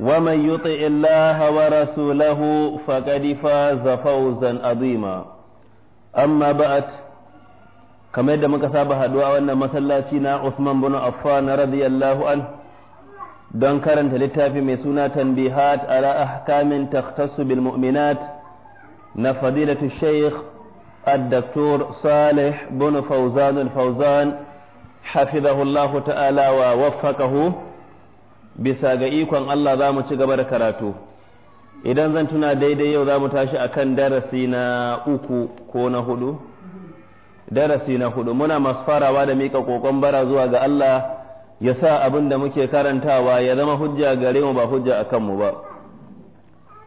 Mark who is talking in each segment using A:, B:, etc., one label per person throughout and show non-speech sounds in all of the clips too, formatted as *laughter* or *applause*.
A: ومن يطع الله ورسوله فقد فاز فوزا عظيما أما بعد كما يدى من كسابة هدواء وأن مسلاتنا عثمان بن عفان رضي الله عنه don karanta littafi mai suna tambihat ala ahkamin takhtassu bil mu'minat na fadilatu shaykh الدكتور صالح بن فوزان الفوزان حفظه الله تعالى ووفقه bisa ga ikon Allah za mu ci gaba da karatu idan zan tuna daidai yau za mu tashi a kan darasi na uku ko na hudu darasi na hudu muna masu farawa da mika kokon bara zuwa ga Allah ya sa abin da muke karantawa ya zama hujja gare mu ba hujja a kanmu ba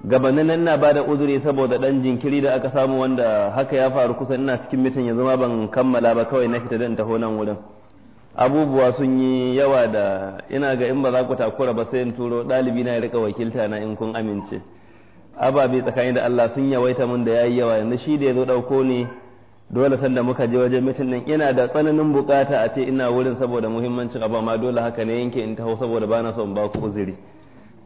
A: gabanin nan na bada uzuri saboda dan jinkiri da aka samu wanda haka ya faru kusan ina cikin mitin ya zama ban kammala ba kawai na fita dan taho nan wurin abubuwa sun yi yawa da ina ga in ba za ku takura ba sai in turo ɗalibi na ya rika wakilta na in kun amince ababe tsakani da Allah sun yawaita mun da yayi yawa yanzu shi da yazo dauko ɗauko ni dole sanda muka je wajen mutum din ina da tsananin bukata a ce ina wurin saboda muhimmancin abu amma dole haka ne yanke in taho saboda ba na son ba ku uzuri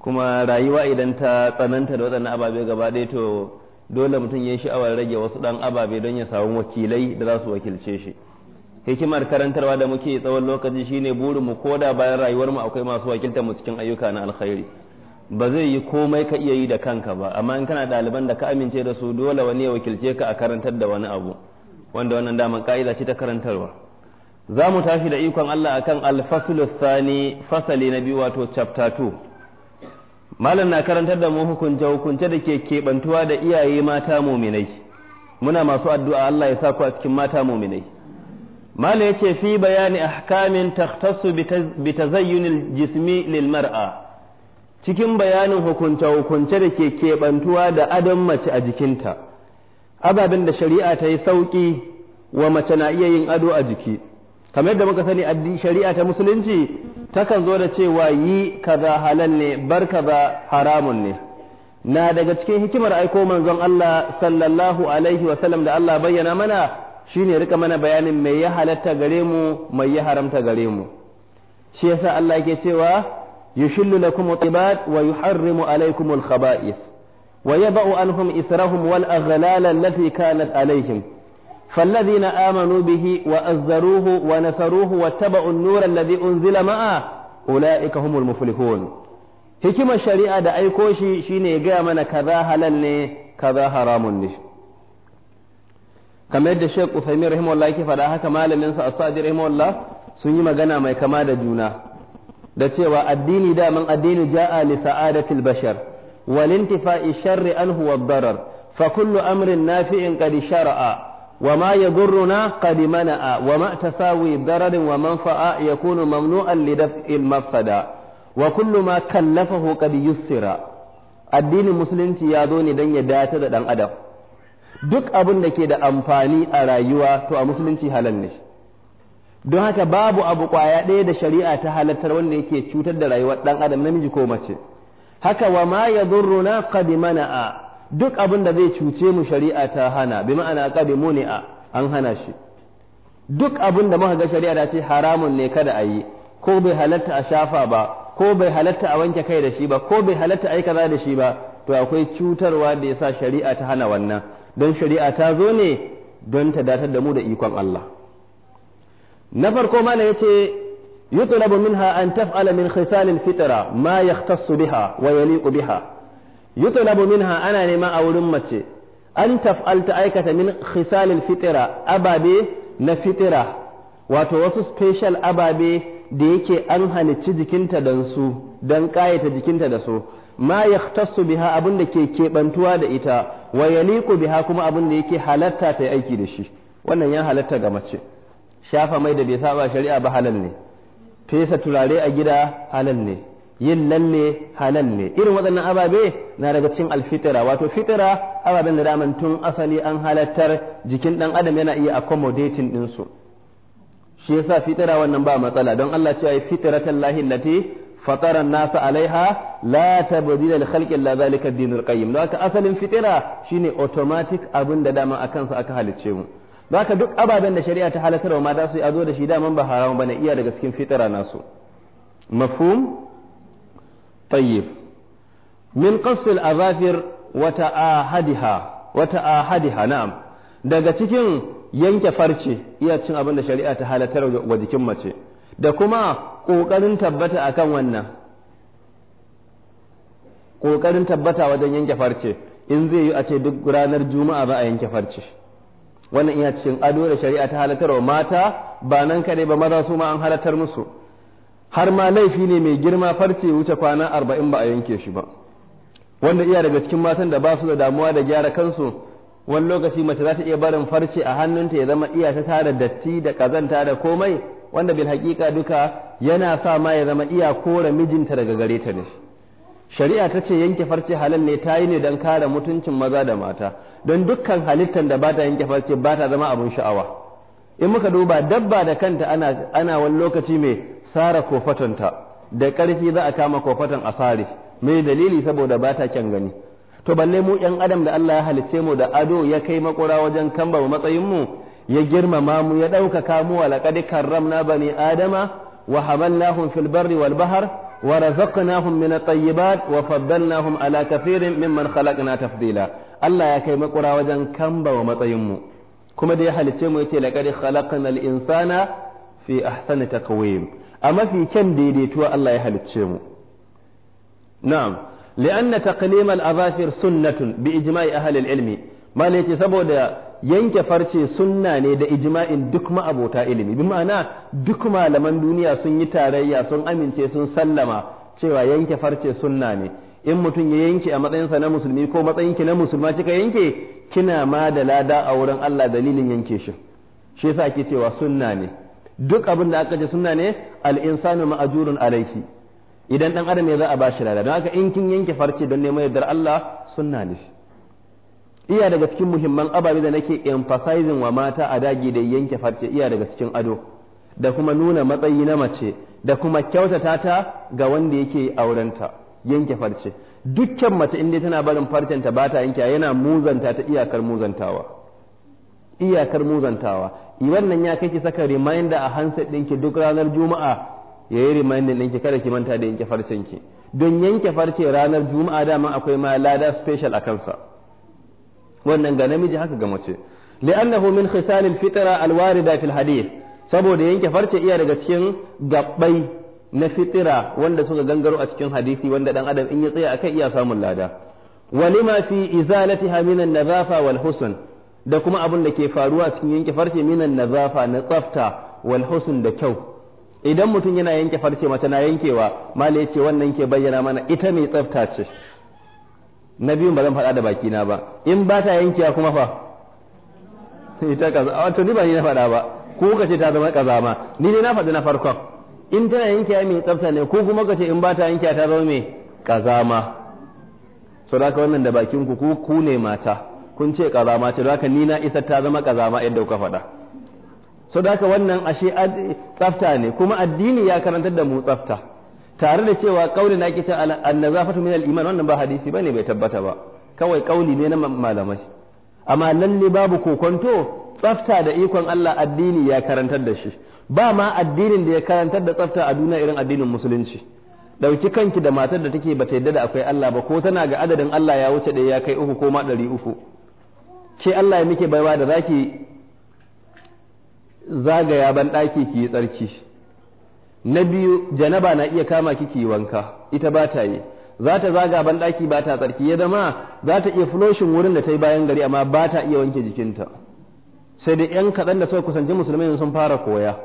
A: kuma rayuwa idan ta tsananta da waɗannan ababe gaba ɗaya to dole mutum ya yi sha'awar rage wasu ɗan ababe don ya samu wakilai da za su wakilce shi hikimar karantarwa da muke tsawon lokaci shine burin mu koda bayan rayuwar mu akwai masu wakiltar mu cikin ayyuka na alkhairi ba zai yi komai ka iya yi da kanka ba amma in kana ɗaliban da ka amince da su dole wani ya wakilce ka a karantar da wani abu wanda wannan daman ka'ida ce ta karantarwa za mu tashi da ikon Allah akan alfaslu sani fasali na biyu wato chapter 2 malam na karantar da mu hukunce hukunce da ke kebantuwa da iyaye mata muminai muna masu addu'a Allah ya sa ku a cikin mata muminai ya yace fi bayani ahkamin takhtasu bi tazayyunil jismi lil mar'a cikin bayanin hukunta hukunce da ke kebantuwa da adon mace a jikinta ababen da shari'a ta yi sauki wa mace na iya yin ado a jiki kamar yadda muka sani shari'a ta musulunci takan zo da cewa yi kaza halal ne bar kaza haramun ne na daga cikin hikimar aiko manzon Allah sallallahu alaihi wa sallam da Allah bayyana mana shine rika mana bayanin mai ya halatta gare mu mai ya haramta gare mu shi yasa Allah yake cewa yushillu lakum tibat wa yuharrimu alaykum al-khaba'ith wa yaba'u anhum israhum wal aghlal allati kanat alayhim فالذين آمنوا به وأزروه ونصروه واتبعوا النور الذي أنزل معه أولئك هم المفلحون hikimar shari'a da aiko shi shine gaya mana kaza halal ne kaza haramun ne kamar yadda Sheikh Uthaymeen rahimahullah yake faɗa haka malamin sa Asadi rahimahullah sun yi magana mai kama da juna da cewa addini da man addini ja'a li sa'adatil bashar wal intifa'i sharri anhu wad fa kullu amrin nafi'in qad shara'a wa ma yadurruna qad mana'a wa ma tasawi dararin wa manfa'a yakunu mamnu'an li daf'il mafsada wa kullu ma kallafahu qad yusira addinin musulunci ya zo ne dan ya dace da dan adam duk abin da ke da amfani a rayuwa to a musulunci halal ne don haka babu abu kwaya ɗaya da shari'a ta halattar wanda yake cutar da rayuwar ɗan adam namiji ko mace haka wa ma ya yadurruna mana mana'a duk abin da zai cuce mu shari'a ta hana bi ma'ana qad muni'a an hana shi duk abin da muka ga shari'a ta ce haramun ne kada a yi ko bai halatta a shafa ba ko bai halatta a wanke kai da shi ba ko bai halatta a yi kaza da shi ba to akwai cutarwa da ya sa shari'a ta hana wannan don shari'a ta zo ne don ta datar da mu da ikon Allah na farko mana yace yutlabu minha an taf'ala min khisal fitara fitra ma yahtassu biha wa yaliqu biha yutlabu minha ana nema a wurin mace an taf'al ta aikata min khisal fitara ababe na fitira wato wasu special ababe da yake an halicci jikinta don su don ƙayata jikinta da su ma yahtassu biha abin da ke keɓantuwa da ita wa yaliqu biha kuma abin da yake halatta ta aiki da shi wannan ya halatta ga mace shafa mai da bai saba shari'a ba halal ne fesa turare a gida halal ne yin lalle halal ne irin waɗannan ababe na daga cikin alfitira wato fitira ababen da daman tun asali an halattar jikin ɗan adam yana iya accommodating su. shi yasa fitara wannan ba matsala don Allah cewa fitiratan lahi lati fatara nasa alaiha la tabdila li khalqi la zalika dinul qayyim don haka asalin fitira shine otomatik abinda dama akan sa aka halicce mu don haka duk ababen da shari'a ta halakarwa mata da su yi azo da shi daman ba haramun bane iya daga cikin fitira nasu mafhum tayyib min qasl al-azafir wa ta'ahadiha wa ta'ahadiha na'am daga cikin yanke farce iya cin abin da shari'a ta halatar wa jikin mace da kuma ƙoƙarin tabbata akan wannan ƙoƙarin tabbata wajen yanke farce in zai yi a ce duk ranar juma'a ba a yanke farce wannan iya cikin ado da shari'a ta wa mata ba nan kaɗai ba maza su ma an halartar musu har ma laifi ne mai girma farce wuce kwana arba'in ba a yanke shi ba wanda iya daga cikin matan da ba su da damuwa da gyara kansu wani lokaci mace za ta iya barin farce a hannunta ya zama iya ta tara datti da ƙazanta da komai wanda bil haƙiƙa duka yana sa ma ya zama iya kore mijinta daga gare ta ne shari'a ta ce yanke farce halal ne ta yi ne don kare mutuncin maza da mata don dukkan halittar da ba ta yanke farce ba ta zama abin sha'awa in muka duba dabba da kanta ana ana wani lokaci mai sara kofatanta da ƙarfi za a kama kofatan a sare mai dalili saboda ba ta kyan gani to balle mu yan adam da Allah ya halicce mu da ado ya kai makura wajen kamba matsayin mu ya girmama mu ya ɗaukaka mu wa laqad karramna bani adama wa hamalnahum fil barri wal bahr wa razaqnahum min at-tayyibat wa faddalnahum ala kathirin mimman khalaqna tafdila Allah ya kai makura wajen kamba wa matsayin mu kuma da ya halice mu yace laqad khalaqnal insana fi ahsani taqwim a mafi kyan daidaituwa Allah ya halicce mu na'am li'anna taqlim al-azafir sunnatun bi ijma'i ahli al-ilmi mal saboda yanke farce sunna ne da ijma'in duk ma'abota ilimi bi ma'ana duk malaman duniya sun yi tarayya sun amince sun sallama cewa yanke farce sunna ne in mutum ya yanke a matsayinsa na musulmi ko matsayinki na musulma kika yanke kina ma da lada a wurin Allah dalilin yanke shi shi yasa ake cewa sunna ne duk abin da aka ce sunna ne al insanu ma'ajurun alayhi idan dan adam ya za a bashi lada don haka in kin yanke farce don neman yardar Allah sunna ne iya daga cikin muhimman ababe da nake emphasizing wa mata a dagi da yanke farce iya daga cikin ado da kuma nuna matsayi na mace da kuma kyautata ta ga wanda yake aurenta yanke farce dukkan mace inda tana barin farcenta ba ta yanke yana muzanta ta iyakar muzantawa iyakar muzantawa wannan ya kai ki saka reminder a handset ɗinki duk ranar juma'a yayi reminder ɗinki kada ki manta da yanke farcenki don yanke farce ranar juma'a dama akwai ma lada special a kansa wannan ga namiji haka ga mace li'annahu min khisal al-fitra al-warida fil hadith saboda yanke farce iya daga cikin gabbai na fitira wanda suka gangaro a cikin hadisi wanda dan adam in ya tsaya akai iya samun lada walima fi izalatiha min an-nazafa wal husn da kuma abin da ke faruwa cikin yanke farce min an-nazafa na tsafta wal husn da kyau idan mutum yana yanke farce mace na yankewa mala ce wannan ke bayyana mana ita mai tsafta ce na biyun ba zan faɗa da bakina ba in ba ta yankewa kuma fa ita kaza A wato ni ba ni na faɗa ba ko ka ce ta zama kaza ma ni ne na faɗi na farkon in tana yankewa mai tsafta ne ko kuma ka ce in ba ta yankewa ta zama mai kaza ma so da wannan da bakin ku ku ne mata kun ce kaza ma ce da ni na isa ta zama kaza ma yadda kuka faɗa so da wannan ashe tsafta ne kuma addini ya karantar da mu tsafta tare da cewa kauli na ake cewa annazafatu min al-iman wannan ba hadisi bane bai tabbata ba kawai kauli ne na malamai amma lalle babu kokonto tsafta da ikon Allah addini ya karantar da shi ba ma addinin da ya karantar da tsafta a duniya irin addinin musulunci dauki kanki da matar da take bata yadda da akwai Allah ba ko tana ga adadin Allah ya wuce da ya kai uku ko ma ɗari uku ke Allah ya muke baiwa da zaki zagaya ban ɗaki ki yi tsarki na biyu janaba na iya kama kiki wanka ita ba ta yi za ta zaga ban daki ba ta tsarki ya zama za ta iya floshin wurin da ta yi bayan gari amma ba ta iya wanke jikinta sai da yan kaɗan da suka kusanci musulmai sun fara koya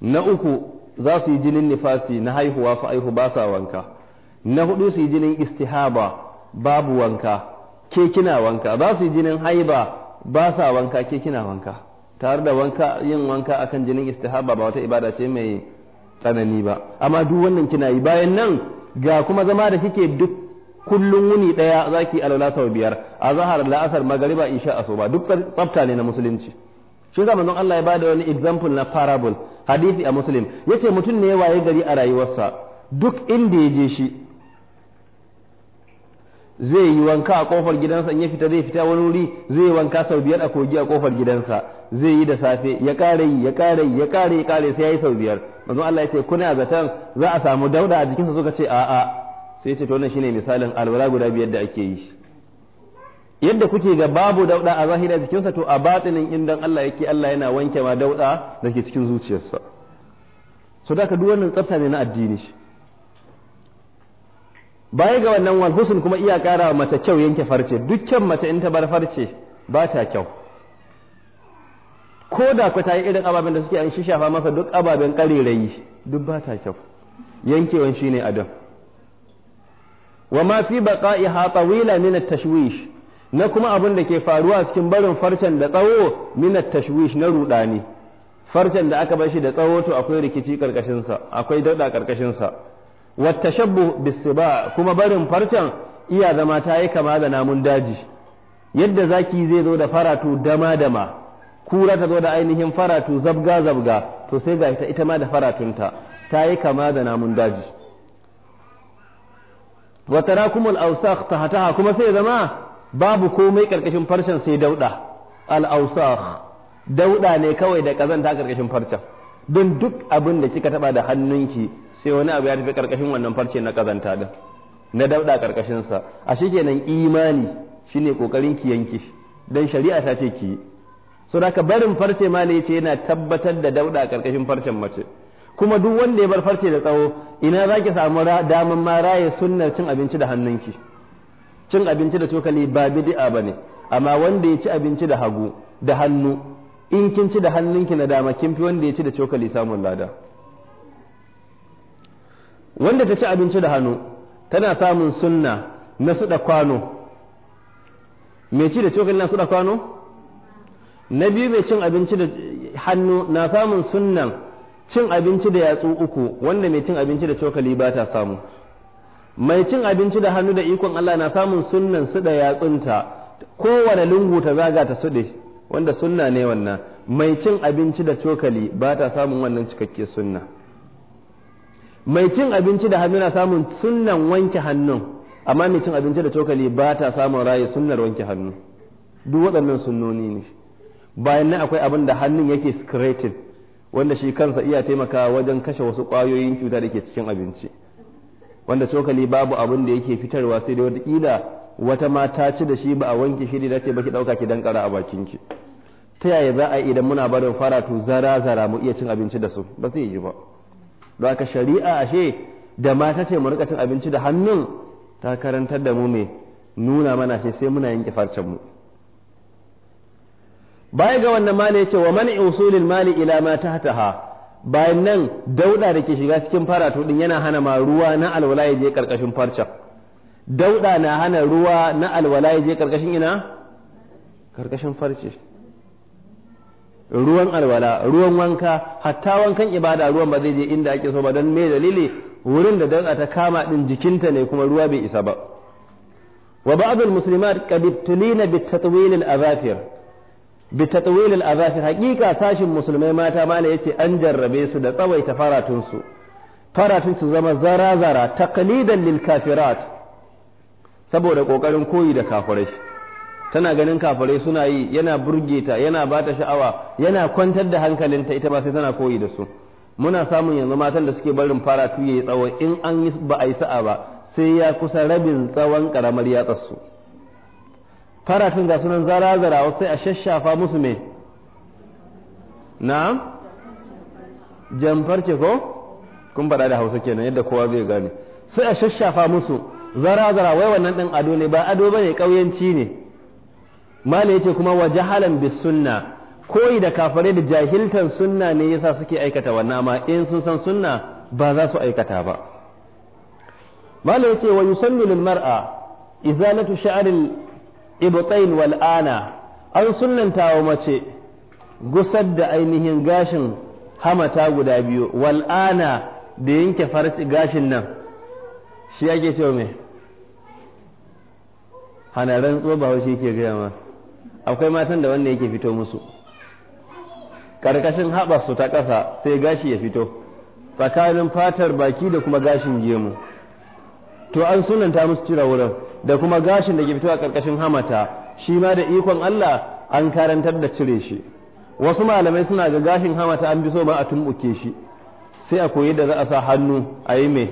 A: na uku za su yi jinin nifasi na haihuwa fa aihu ba sa wanka na hudu su yi jinin istihaba babu wanka ke kina wanka za su yi jinin haiba ba sa wanka ke kina wanka tare da wanka yin wanka akan jinin istihaba ba wata ibada ce mai tsanani ba amma duk wannan kina yi bayan nan ga kuma zama da kike duk kullun wuni daya zaki alwala sau biyar a zahar la'asar magariba isha asuba duk tsafta ne na musulunci shi zama don Allah ya bada wani example na parable hadisi a muslim yace mutum ne ya waye gari a rayuwarsa duk inda ya je shi zai yi wanka a kofar gidansa in ya fita zai fita wani wuri zai yi wanka sau biyar a kogi a kofar gidansa zai yi da safe ya kare ya kare yi ya kare ya kare sai ya yi sau biyar manzon Allah ya ce kuna zaton za a samu dauda a jikinsa suka ce a'a sai ce to wannan shine misalin alwala guda biyar da ake yi yadda kuke ga babu dauda a zahira jikinsa to a batinin indan Allah yake Allah yana wanke ma dauda da ke cikin zuciyarsa so da ka duk wannan tsafta ne na addini shi baya ga wannan wal husn kuma iya wa mace kyau yanke farce dukkan mace in ta bar farce ba ta kyau ko da ku ta yi irin ababen da suke an shafa masa duk ababen ƙarerayi duk ba ta kyau yankewan shine adam wa ma fi baqa'iha tawila min tashwish na kuma abun da ke faruwa cikin barin farcen da tsawo min at-tashwish na rudani farcen da aka bar shi da tsawo to akwai rikici karkashin akwai dauɗa karkashinsa. wata shabbu bisiba kuma barin farcen iya zama ta yi kama da namun daji yadda zaki zai zo da faratu dama dama kura ta zo da ainihin faratu zabga zabga to sai ga ita ita ma da faratunta ta yi kama da namun daji wa tarakumul ta tahtaha kuma sai zama babu komai karkashin farcen sai dauda al awsakh dauda ne kawai da kazanta karkashin farcen don duk abin da kika taba da hannunki sai wani abu ya tafi karkashin wannan farce na kazanta din na dauda karkashin sa a kenan imani shine kokarin ki yanke shi dan shari'a ta ce ki so da barin farce ma ne yace yana tabbatar da dauda karkashin farcen mace kuma duk wanda ya bar farce da tsawo ina zaki samu daman ma raye sunnar cin abinci da hannunki cin abinci da cokali ba bid'a bane amma wanda ya ci abinci da hagu da hannu in kin ci da hannunki na dama kin fi wanda ya ci da cokali samun lada wanda ta ci abinci da hannu tana samun sunna na suɗa kwano mai ci da cokali na suɗa kwano na biyu mai cin abinci da hannu na samun sunnan cin abinci da yatsu uku wanda mai cin abinci da cokali ba ta samu mai cin abinci da hannu da ikon Allah na samun sunnan su da yatsunta kowane lungu ta zaga ta suɗe wanda sunna ne wannan mai cin abinci da cokali ba ta samun wannan cikakke sunna mai cin abinci da hannu na samun sunnan wanke hannun amma mai cin abinci da cokali ba ta samun rayu sunnar wanke hannu duk waɗannan sunnoni ne bayan nan akwai abin da hannun yake scrating wanda shi kansa iya taimakawa wajen kashe wasu ƙwayoyin cuta da ke cikin abinci wanda cokali babu abin da yake fitarwa sai dai wataƙila wata ma ta ci da shi ba a wanke shi da ce baki ɗauka ki dankara a ki. ta yaya za a yi idan muna barin faratu zara zara mu iya cin abinci da su ba zai yi ba don haka shari'a ashe da mata ce mu rika cin abinci da hannun ta karantar da mu ne nuna mana shi sai muna yanke farcen mu baya ga wannan mali ya ce wa man usulil mali ila ma tahtaha bayan nan dauda da ke shiga cikin faratu din yana hana ma ruwa na alwala ya je karkashin farcen dauda na hana ruwa na alwala ya je karkashin ina karkashin farce ruwan alwala ruwan wanka hatta wankan ibada ruwan ba zai je inda ake so ba don me dalili wurin da dan ta kama din jikinta ne kuma ruwa bai isa ba wa ba'dul muslimat qad ibtulina bi tatwil al azafir bi tatwil al sashin musulmai mata mala yace an jarrabe su da tsawaita faratun su faratun su zama zara zara taqlidan lil kafirat saboda kokarin koyi da kafirai tana ganin kafare suna yi yana burge ta yana ba ta sha'awa yana kwantar da hankalinta ita ba sai tana koyi da su muna samun yanzu matan da suke barin fara tuye tsawo in an yi ba a yi sa'a ba sai ya kusa rabin tsawon karamar yatsarsu su faratun ga sunan zara zara sai a shashafa musu me na jamfar ce ko kun faɗa da hausa kenan yadda kowa zai gane sai a shashafa musu zara zara wai wannan ɗin ado ne ba ado ba ne ƙauyenci ne mala ce kuma wa jahalan bis sunna koyi da kafare da jahiltan sunna ne yasa suke aikata wannan amma in sun san sunna ba za su aikata ba malai yace wa yusannu lil mar'a izalatu sha'ril ibtain wal ana an sunnanta wa mace gusar da ainihin gashin hamata guda biyu wal ana da yanke farci gashin nan shi yake cewa me hanaran tsoba shi ke gaya ma akwai matan da wanda yake fito musu karkashin su ta ƙasa sai gashi ya fito tsakanin fatar baki da kuma gashin gemu to an sunanta musu cira wurin da kuma gashin da ke fito a ƙarƙashin hamata shi ma da ikon Allah an karantar da cire shi wasu malamai suna ga gashin hamata an bi so ba a tumbuke shi sai a koyi da za a sa hannu a yi mai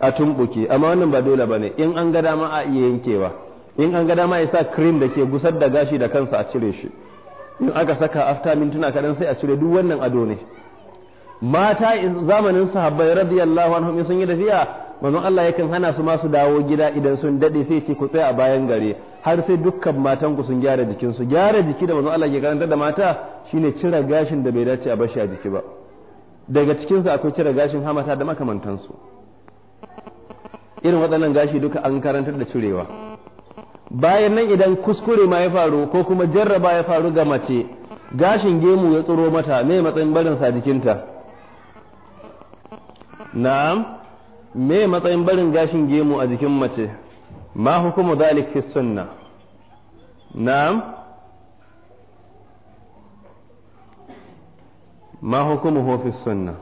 A: a tumbuke amma wannan ba dole ba ne in an ga dama a iya yankewa in an ga dama ya sa cream da ke gusar da gashi da kansa a cire shi in aka saka after mintuna kaɗan sai a cire duk wannan ado ne mata zamanin sahabbai radiyallahu anhum sun yi tafiya manzo Allah yakan hana su ma su dawo gida idan sun dade sai ce ku tsaya a bayan gare har sai dukkan matan ku sun gyara jikin su gyara jiki da manzo Allah ke karanta da mata shine cire gashin da bai dace a bashi a jiki ba daga cikin su akwai cire gashin hamata da makamantansu irin waɗannan gashi duka an karantar da cirewa bayan nan idan kuskure ma ya faru ko kuma jarraba ya faru ga mace gashin gemu ya tsiro mata me matsayin barin sa jikinta na'am me matsayin barin gashin gemu a jikin mace ma hukumu dalik fi sunna na'am ma hu fi sunna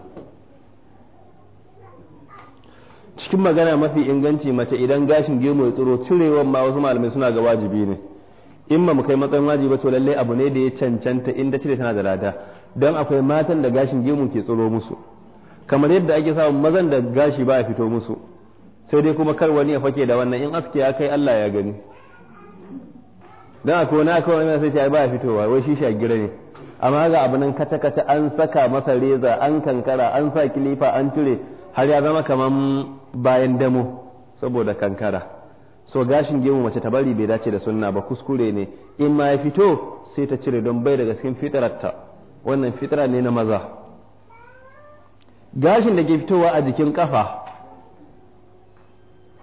A: cikin magana mafi inganci mace idan gashin gemu ya tsiro cirewan ma wasu malamai suna ga wajibi ne in ma mu kai matsayin wajibi to lallai abu ne da ya cancanta inda cire tana da lada don akwai matan da gashin gemu ke tsiro musu kamar yadda ake samun mazan da gashi ba ya fito musu sai dai kuma kar wani ya fake da wannan in aske ya kai Allah ya gani dan akwai wani akwai wani sai ya ba ya fitowa wai shi shagira ne amma ga abu nan kata kata an saka masa reza an kankara an sa kilifa an cire har ya zama kamar bayan damo saboda kankara so gashin gemu mace ta bari bai dace da sunna ba kuskure ne in ma ya fito sai ta cire don bai daga cikin fitararta wannan fitara ne na maza gashin da ke fitowa a jikin kafa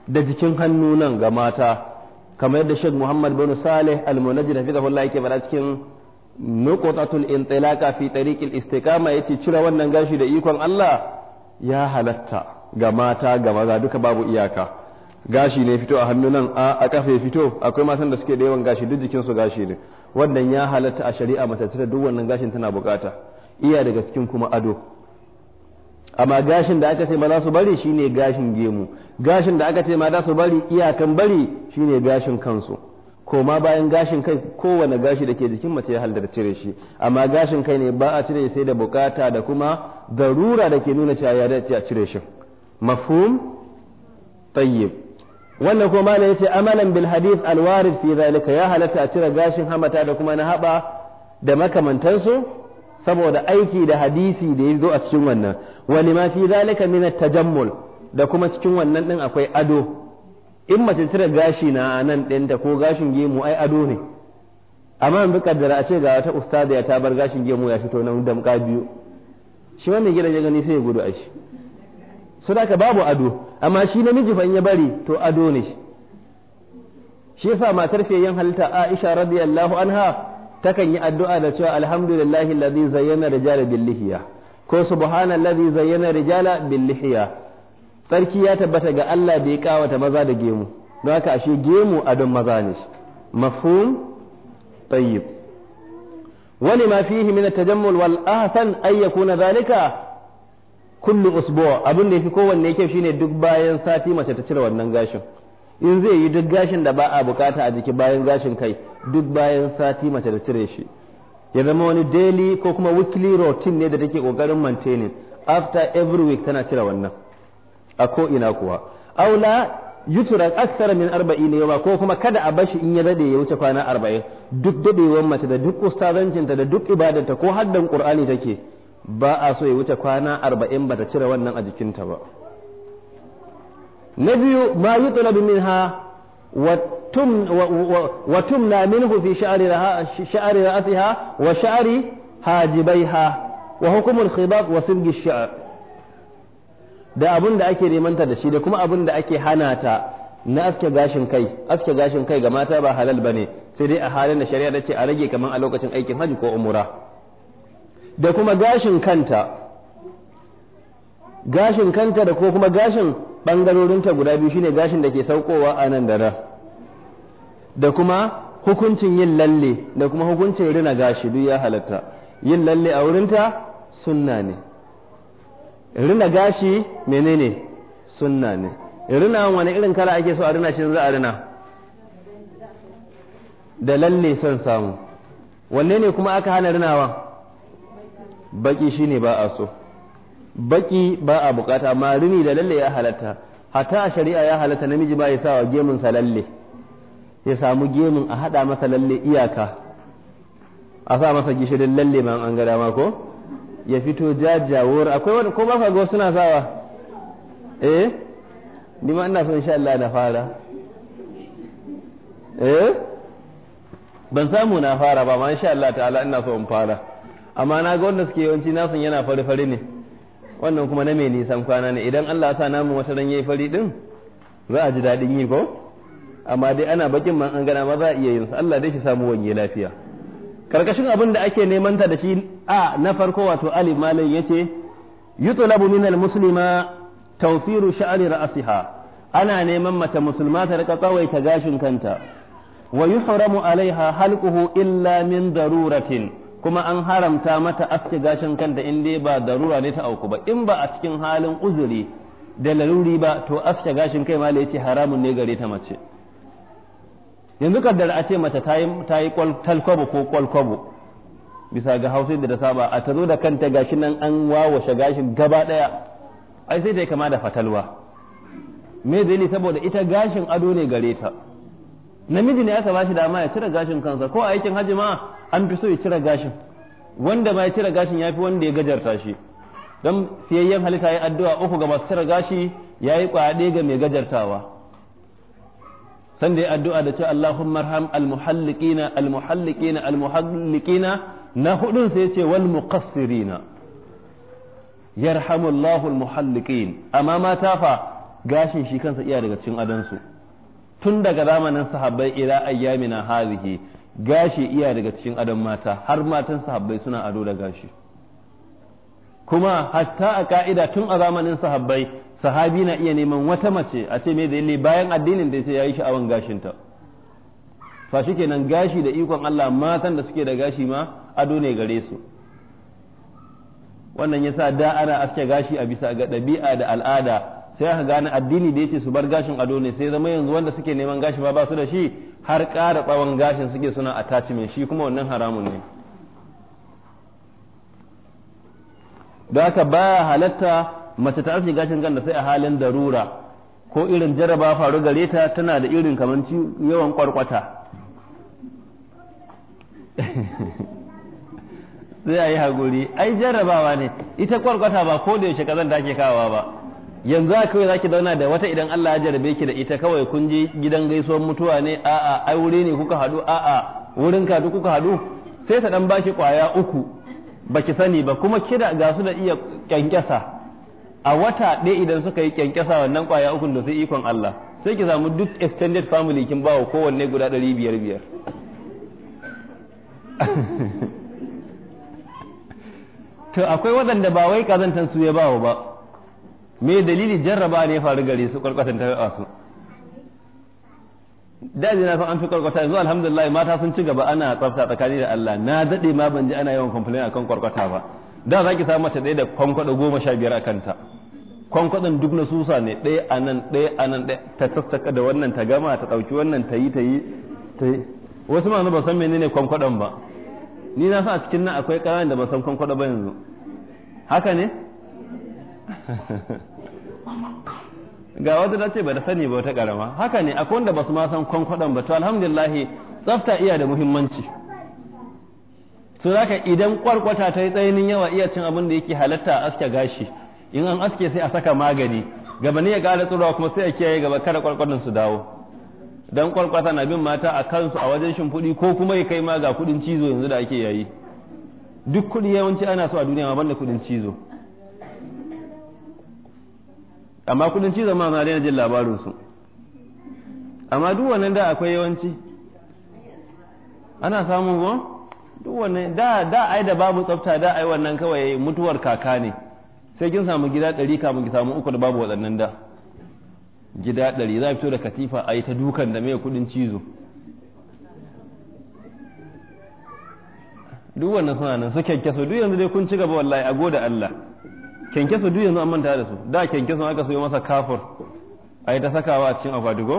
A: da jikin hannu nan ga mata kamar yadda Sheikh Muhammad bin Saleh Al-Munajjid hafizahullah yake fara cikin nuqatatul intilaqa fi tariqil istiqama yace cire wannan gashi da ikon Allah ya halatta ga mata ga maza duka babu iyaka gashi ne fito a hannu nan a kafe fito akwai matan da suke da yawan gashi duk jikinsu gashi ne wannan ya halatta a shari'a mata ta duk wannan gashin tana bukata iya daga cikin kuma ado amma gashin da aka ce ma za su bari shine gashin gemu gashin da aka ce ma za su bari iyakan bari shine gashin kansu koma bayan gashin kai kowane gashi da ke jikin mace ya halarci cire shi amma gashin kai ne ba a cire sai da bukata da kuma darura da ke nuna cewa ya dace a cire shi mafhum tayyib wannan kuma ne yace amalan bil hadith al warid fi zalika ya halatta a cire gashin hamata da kuma na haba da makamantansu saboda aiki da hadisi da ya zo a cikin wannan wani ma fi zalika min at tajammul da kuma cikin wannan din akwai ado in mace cire gashi na nan ɗinta ko gashin gemu ai ado ne amma in bi kaddara a ce ga wata ustaziya ta bar gashin gemu ya fito nan damƙa biyu shi wannan gidan ya gani sai ya gudu a shi su da babu ado amma shi namiji fa in ya bari to ado ne shi shi yasa matar fiyayyen halitta Aisha radiyallahu anha takan yi addu'a da cewa alhamdulillahi alladhi zayyana rijala bil ko subhanallazi zayyana rijala bil tsarki ya tabbata ga Allah da ya kawata maza da gemu don haka ashe gemu a don maza ne mafhum tayyib wani ma fihi min at-tajammul wal ahsan ay yakuna dhalika kullu usbu' abin da yafi kowanne kyau shine duk bayan sati mace ta cire wannan gashin in zai yi duk gashin da ba a bukata a jiki bayan gashin kai duk bayan sati mace da cire shi ya zama wani daily ko kuma weekly routine ne da take kokarin maintaining after every week tana cire wannan a ko ina kuwa aula yutura aksara min arba'in yawa ko kuma kada a bashi in ya daɗe ya wuce kwana arba'in duk daɗewar mace da duk ustazancinta da duk ibadanta ko haddan ƙur'ani take ba a so ya wuce kwana arba'in bata cire wannan a jikinta ba na biyu ma yutlabu ha wa na min hufi sha'ari ra'asi ha wa hajibai hajibaiha wa hukumar khibab wa sibghi da abin da ake nemanta da shi da kuma abin da ake hana ta na aske gashin kai aske gashin kai ga mata ba halal bane sai dai a halin da shari'a ta ce a rage kaman a lokacin aikin hajji ko umura da kuma gashin kanta gashin kanta da ko kuma gashin ta guda biyu shine gashin da ke saukowa a nan da nan da kuma hukuncin yin lalle da kuma hukuncin rina gashi duk ya halatta yin lalle a wurinta sunna ne rina gashi menene sunna ne rina wani irin kala ake so a rina shi za a rina da lalle son samu wanne ne kuma aka hana rinawa baki shine ba a so baki ba a bukata amma rini da lalle ya halatta hatta a shari'a ya halatta namiji ba ya sawa gemun sa lalle ya samu gemun a hada masa lalle iyaka a sa masa gishirin lalle ma an gada dama ko ya fito jajawar akwai wani ko ba ka ga suna sawa eh ni ma ina so insha Allah na fara eh ban samu na fara ba ma insha Allah ta'ala ina so in fara amma na ga wanda suke yawanci nasan yana fari fari ne wannan kuma na mai nisan kwana ne idan Allah ya sa namu wata ran yayi fari din za a ji dadin yi ko amma dai ana bakin man an gana ma za a iya yin Allah dai shi samu wange lafiya karkashin abin da ake nemanta da shi a na farko wato ali ya yace yutlabu min muslima tawfiru sha'ri ra'siha ana neman mace musulma ta rika tsawaita gashin kanta wa yuhramu alaiha halquhu illa min daruratin kuma an haramta mata aske gashin kanta in dai ba darura ne ta auku ba in ba a cikin halin uzuri da laruri ba to aske gashin kai ya yace haramun ne gare ta mace yanzu kaddara a ce mace ta yi ta yi talkwabo ko kwalkwabo bisa ga hausa da ta saba a ta zo da kanta gashi nan an wawashe gashin gaba daya ai sai ta kama da fatalwa me dalili saboda ita gashin ado ne gare ta namiji ne aka bashi dama ya cire gashin kansa ko a aikin hajima an fi so ya cire gashin wanda ma ya cire gashin ya fi wanda ya gajarta shi don siyayyen halitta ya addu'a uku ga masu cire gashi ya yi kwaɗe ga mai gajartawa san da ya addu'a da ce Allahumma arham almuhallikina almuhallikina almuhallikina na hudun sai ya ce wal muqassirina yarhamullahu muhallikin amma mata fa gashin shi kansa iya daga cikin adansu tun daga zamanin sahabbai ila ayyamina hadhihi gashi iya daga cikin adan mata har matan sahabbai suna ado da gashi kuma hatta a ka'ida tun a zamanin sahabbai sahabi na iya neman wata mace a ce mai dalili bayan addinin da ya ce ya yi sha'awan gashinta fa shi kenan gashi da ikon Allah matan da suke da gashi ma ado ne gare su wannan yasa da ana aske gashi a bisa ga ɗabi'a da al'ada sai aka gane addini da yace su bar gashin ado ne sai zama yanzu wanda suke neman gashi ba ba su da shi har ƙara tsawon gashin suke suna attachment shi kuma wannan haramun ne da haka baya halatta mace ta rasa gashin kanta sai a halin darura ko irin jaraba faru gare ta tana da irin kamar yawan kwarkwata *laughs* sai a yi haguri ai jarrabawa ne ita kwarkwata ba ko da yaushe kazan take kawawa ba yanzu a kawai zaki zauna da wata idan Allah ya jarabe ki da ita kawai kun je gidan gaisuwar mutuwa ne a'a ai wuri ne kuka haɗu a'a wurin kadu kuka haɗu sai ta dan baki kwaya uku baki sani ba kuma kira ga su da iya kyankyasa a wata ɗe idan suka yi kyankyasa wannan kwaya ukun da sai ikon Allah sai ki samu duk extended family kin bawa kowanne guda ɗari biyar biyar *laughs* to akwai waɗanda ba wai kazantan su ya bawa ba me dalili jarraba ne faru gare su ƙwarƙwatan ta su da na san an fi ƙwarƙwata yanzu alhamdulillah mata sun ci gaba ana tsafta tsakani da Allah na daɗe ma ban ji ana yawan complain akan ƙwarƙwata ba da za ki samu mace ɗaya da kwankwado goma sha biyar a kanta kwankwadon duk na susa ne ɗaya a nan ɗaya a nan ɗaya ta sassaka da wannan ta gama ta ɗauki wannan ta yi ta yi ta yi wasu masu ba san menene kwankwadon ba ni na sa a cikin nan akwai ƙananan da ba san kwankwado ba yanzu haka ne *laughs* ga wata ta ce ba da sani ba wata ƙarama haka ne akwai wanda ba su ma san kwankwadon ba to alhamdulillah tsafta iya da muhimmanci so zaka idan kwarkwata ta yi tsayinin yawa iya cin abin da yake halatta a aske gashi in an aske sai a saka magani gaba ne ya gane tsurawa kuma sai a kiyaye gaba kada kwalkwalin su dawo dan kwalkwata na bin mata a kansu a wajen shimfiɗi ko kuma ya kai ma ga kuɗin cizo yanzu da ake yayi duk kuɗi yawanci ana so a duniya ma banda kuɗin cizo amma kuɗin cizo ma na daina jin labarinsu amma duk wannan da akwai yawanci ana samun ruwan duk wannan da da ai da babu tsafta da ai wannan kawai mutuwar kaka ne sai kin samu gida ɗari kamun ki samu uku da babu waɗannan da gida ɗari za fito da katifa a yi ta dukan da mai kuɗin cizo duk wannan suna nan su kyankyaso duk yanzu dai kun ci gaba wallahi a goda Allah kyankyaso duk yanzu an manta da su da kyankyaso aka so masa kafur a yi ta sakawa a cikin akwatigo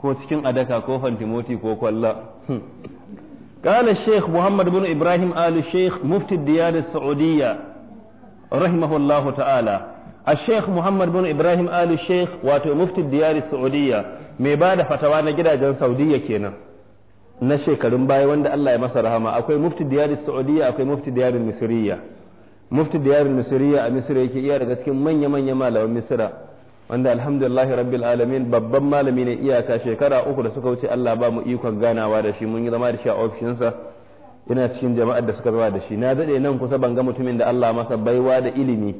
A: ko cikin adaka ko fantimoti ko kwalla قال الشيخ محمد بن إبراهيم آل الشيخ مفتي الديار السعودية rahimahullahu ta'ala a sheikh muhammad bin ibrahim ali sheikh wato mufti diyari saudiya mai ba da fatawa na gidajen saudiyya kenan na shekarun baya wanda allah ya masa rahama akwai mufti diyari saudiya akwai mufti diyari misiriya mufti diyari misiriya a misira yake iya daga cikin manya-manya malaman misira wanda alhamdulillah rabbil alamin babban malami na iyaka shekara uku da suka wuce allah ba mu ikon ganawa da shi mun yi zama da shi a ofishinsa ina cikin jama'ar da suka zama da shi na daɗe nan kusa ban ga mutumin da Allah masa baiwa da ilimi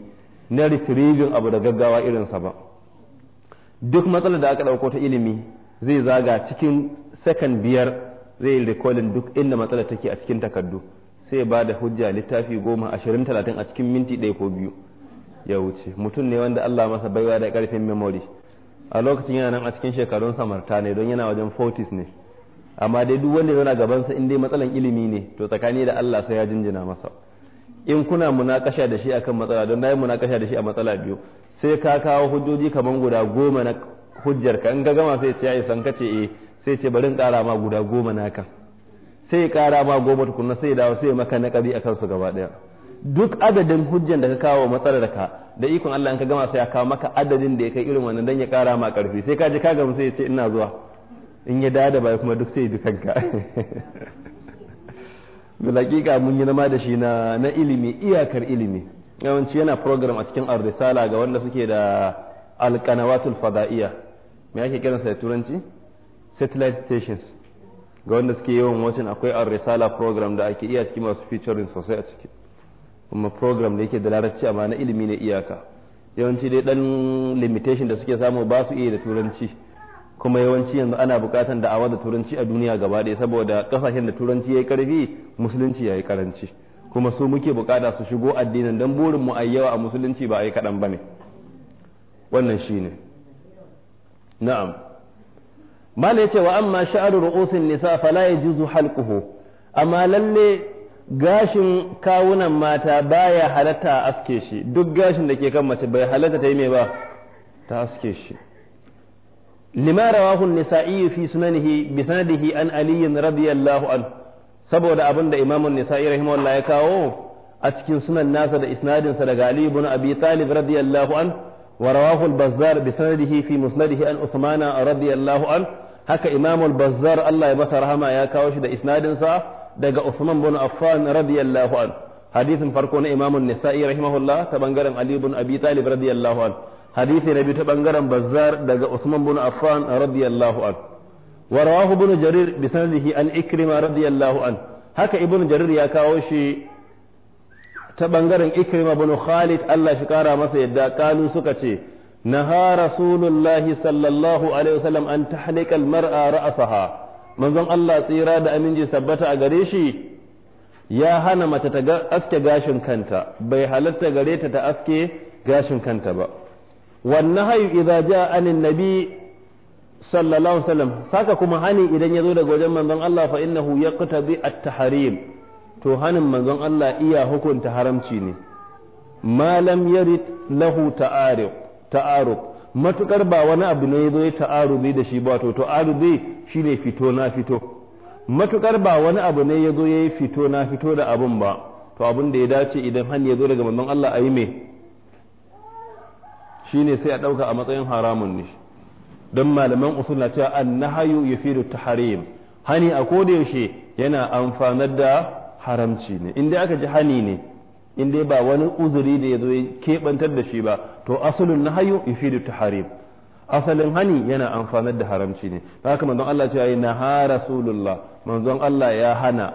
A: na retrieving abu da gaggawa irinsa ba duk matsalar da aka ɗauko ta ilimi zai zaga cikin second biyar zai recalling duk inda matsalar take a cikin takardu sai ba da hujja littafi goma ashirin talatin a cikin minti ɗaya ko biyu ya wuce mutum ne wanda Allah masa baiwa da ƙarfin memory a lokacin yana nan a cikin shekarun samarta ne don yana wajen 40s ne amma dai duk wanda yana gabansa in dai matsalan ilimi ne to tsakani da Allah sai ya jinjina masa in kuna munakasha da shi akan matsala don nayi munakasha da shi a matsala biyu sai ka kawo hujjoji kaman guda goma na hujjar ka in ka gama sai ce isan san kace eh sai ce bari in kara ma guda goma naka sai kara ma goma tukunna sai dawo sai maka maka kabi akan su gaba daya duk adadin hujjan da ka kawo matsalar ka da ikon Allah in ka gama sai ya kawo maka adadin da ya kai irin wannan dan ya kara ma karfi sai ka je ka gama sai ya ce ina zuwa in ya da baya kuma duk sai ji kanka bilakika mun yi nama da shi na na ilimi iyakar ilimi yawanci yana program a cikin ar ga wanda suke da alkanawatul fada'iya me ake kiran da turanci satellite stations ga wanda suke yawan wacin akwai ar-risala program da ake iya cikin masu featuring sosai a ciki kuma program da yake da larabci amma na ilimi ne iyaka yawanci dai dan limitation da suke samu ba su iya da turanci kuma yawanci yanzu ana bukatan awa da turanci a duniya gaba ɗaya saboda kasashen da turanci yi ƙarfi musulunci ya yi ƙaranci kuma su muke bukata su shigo addinin dan burin mu yawa a musulunci ba a yi kaɗan ba ne wannan shi ne. na'am mala ce wa amma sha'ar ru'usin nisa fala ya jizu halkuhu amma lalle gashin kawunan mata baya halatta a aske shi duk gashin da ke kan mace bai halatta ta yi mai ba ta aske shi lima rawahu an-nisa'i fi an ali saboda abin da imamu nisa'i rahimahullah ya kawo a cikin sunan nasa da isnadin daga ali ibn abi talib radiyallahu anhu wa rawahu bazzar bi sanadihi fi an usmana radiyallahu haka imamu bazzar Allah ya masa rahama ya kawo shi da isnadin daga usman bin affan radiyallahu anhu hadisin farko na imamu nisa'i ta bangaren ali ibn abi talib hadisi na biyu ta bangaren bazzar daga Usman bin Affan radiyallahu an wa rawahu ibn Jarir bi sanadihi an Ikrima radiyallahu an haka ibn Jarir ya kawo shi ta bangaren Ikrima bin Khalid Allah shi kara masa yadda kalu suka ce naha rasulullahi sallallahu alaihi wasallam an tahliqa almar'a ra'saha manzon Allah tsira da aminci sabbata a gare shi ya hana mace ta aske gashin kanta bai halatta gare ta ta aske gashin kanta ba والنهي إذا جاء عن النبي صلى الله عليه وسلم ساكا كما هاني إذا يزول وجن من ظن الله فإنه يقتضي التحريم تو هاني من ظن الله إيا هكون تحرم تشيني ما لم يرد له تعارض تعارض matukar ba wani abu ne zo ya ta'arudi da shi ba to ta'arudi shine fito na fito matukar ba wani abu ne ya zo ya yi fito na fito da abun ba to abun da ya dace idan hani ya zo daga manzon Allah a yi mai shine sai a ɗauka a matsayin haramun ne don malaman usul na cewa annahayu yufidu tahrim hani a koda yaushe yana amfanar da haramci ne inda aka ji hani ne inda ba wani uzuri da ya zo ya keɓantar da shi ba to asulun nahayu yufidu tahrim asalin hani yana amfanar da haramci ne haka manzon Allah cewa yi naha rasulullah manzon Allah ya hana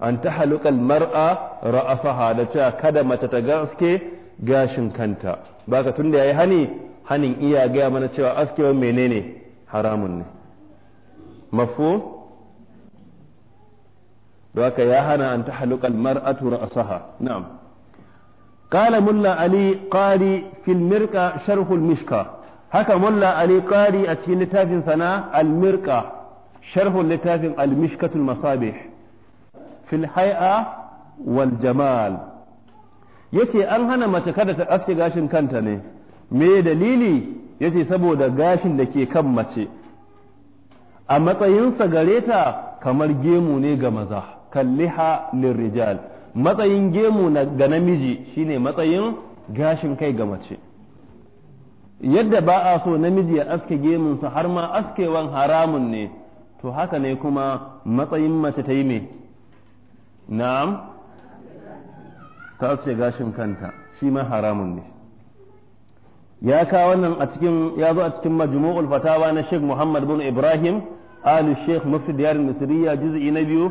A: an ta mar'a ra'asaha da cewa kada mace ta gaske gashin kanta ba ka tunda yi hani hanin iya gaya mana cewa askewar menene haramun ne mafu da haka ya hana an ta halukal mar'atu ra'saha na'am قال ملا علي قاري في المرقة شرح المشكة هكا ملا علي قاري أتي لتاف ثناء المرقة شرح لتاف المشكة المصابيح في wal jamal. yace an hana mace kada ta aske gashin kanta ne me dalili yace saboda gashin da ke kan mace a matsayinsa gare ta kamar gemu ne ga maza kalliha lirrijal matsayin gemu ga namiji shine matsayin gashin kai ga mace yadda ba a so namiji ya aske gemunsa har ma askewan haramun ne to haka ne kuma matsayin mace ta yi me na'am ta ce gashin kanta shi ma haramun ne ya ka wannan a cikin ya zo a cikin majmu'ul fatawa na Sheikh Muhammad bin Ibrahim Ali Sheikh Mufti Diyar Misriya juz'i na biyu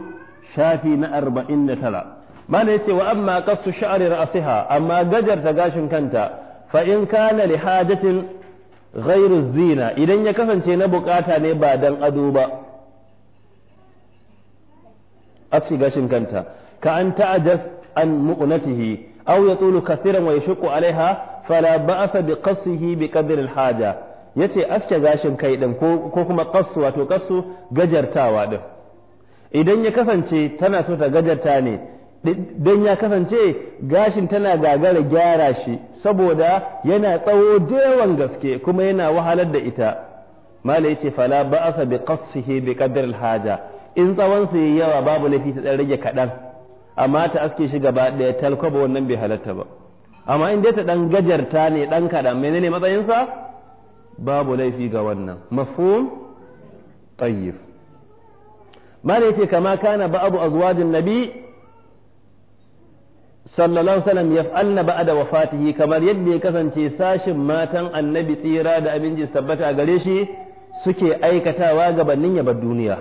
A: shafi na 49 mana yace wa amma qasu sha'ri ra'siha amma gajarta gashin kanta fa in kana li hajatin ghairu zina idan ya kasance na bukata ne ba dan ado ba aske gashin kanta ka an ta'ajas An ya عن wa أو alaiha fala ba'sa bi qasihi bi qadri al haja yace aske gashin kai din ko kuma qassu wato qassu gajartawa din idan ya kasance tana so ta gajarta ne dan ya kasance gashin tana gagara gyara shi saboda yana tsawo dewan gaske kuma yana wahalar da ita mala yace fala ba'asa bi qassihi bi qadri al haja in tsawon sa yayi yawa babu lafi ta rage kadan amma ta aske shi gaba ɗaya ba wannan bai halatta ba amma in dai ta dan gajarta ne dan kaɗan menene matsayinsa babu laifi ga wannan mafhum tayyib ne ce kama kana abu azwajin nabi sallallahu wasallam yaf'alna ba'da wafatihi kamar yadda ya kasance sashin matan annabi tsira da abinci tabbata a gare shi suke aikatawa gabanin ya bar duniya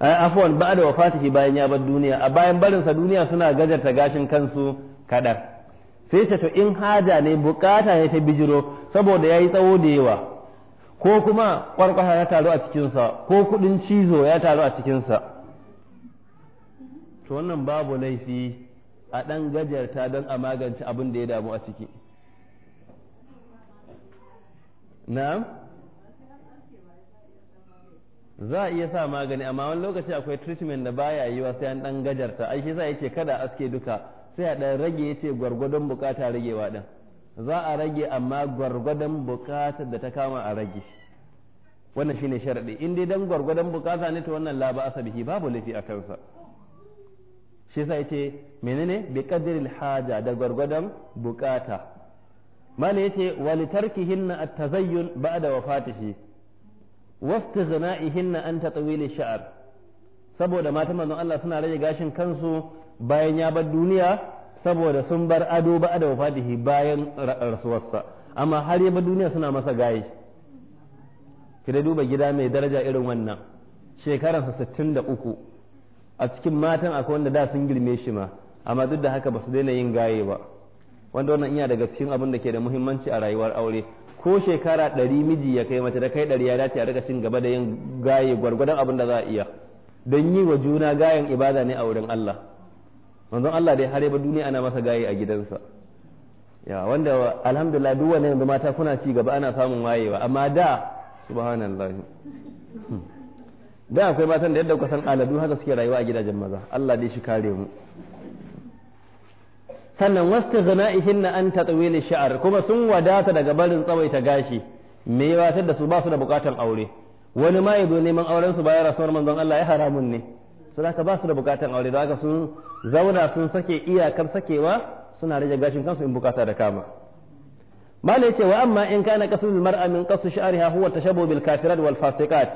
A: Eh, afwan ba da shi bayan ya bar duniya a bayan barinsa duniya suna gajarta gashin kansu kaɗan sai ce to in haja ne bukata ne ta bijiro saboda ya yi tsawo da yawa ko kuma kwarkwasa ya taru a cikinsa ko kuɗin cizo ya taru a cikinsa to wannan babu laifi a ɗan gajarta don a magance abin da ya damu a ciki na'am za a iya sa magani amma wani lokaci akwai treatment da baya yiwa sai an dan gajarta ai shi yace kada aske duka sai a dan rage yace gwargwadon bukata ragewa din za a rage amma gwargwadon bukata da ta kama a rage wannan shine sharadi in dai dan gwargwadon bukata ne to wannan la ba asabihi babu lafi a kansa shi yasa yace menene bi qadril haja da gwargwadon bukata mala yace walitarkihinna at-tazayyun ba'da wafatihi wafta na an ta tsawili sha'ar saboda matan manzon Allah suna rage gashin kansu bayan ya bar duniya saboda sun bar ado ba da wafatihi bayan rasuwarsa amma har ya bar duniya suna masa gaye ki da duba gida mai daraja irin wannan da 63 a cikin matan akwai wanda da sun girme shi ma amma duk da haka ba su daina yin gaye ba wanda wannan iya daga cikin abin da ke da muhimmanci a rayuwar aure ko shekara ɗari miji ya kai mace da kai ɗari ya dace a rika cin gaba da yin gaye gwargwadon abin da za a iya don yi wa juna gayen ibada ne a wurin Allah manzon Allah dai har ba duniya ana masa gaye a gidansa ya wanda alhamdulillah duk wannan yanzu mata kuna ci gaba ana samun wayewa amma da subhanallah da akwai matan da yadda kusan aladu haka suke rayuwa a gidajen maza Allah dai shi kare mu sannan wasta ihin na an ta tsawili sha'ar kuma sun wadata daga barin tsawaita gashi me watar da su ba su da bukatan aure wani ma neman auren su bayan rasuwar manzon Allah ya haramun ne su haka ba su da bukatan aure da haka sun zauna sun sake iyakar sakewa suna rage gashin kansu in bukata da kama malai ce wa amma in kana kasu mar'a min qasu sha'riha huwa tashabbu bil kafirat wal fasiqat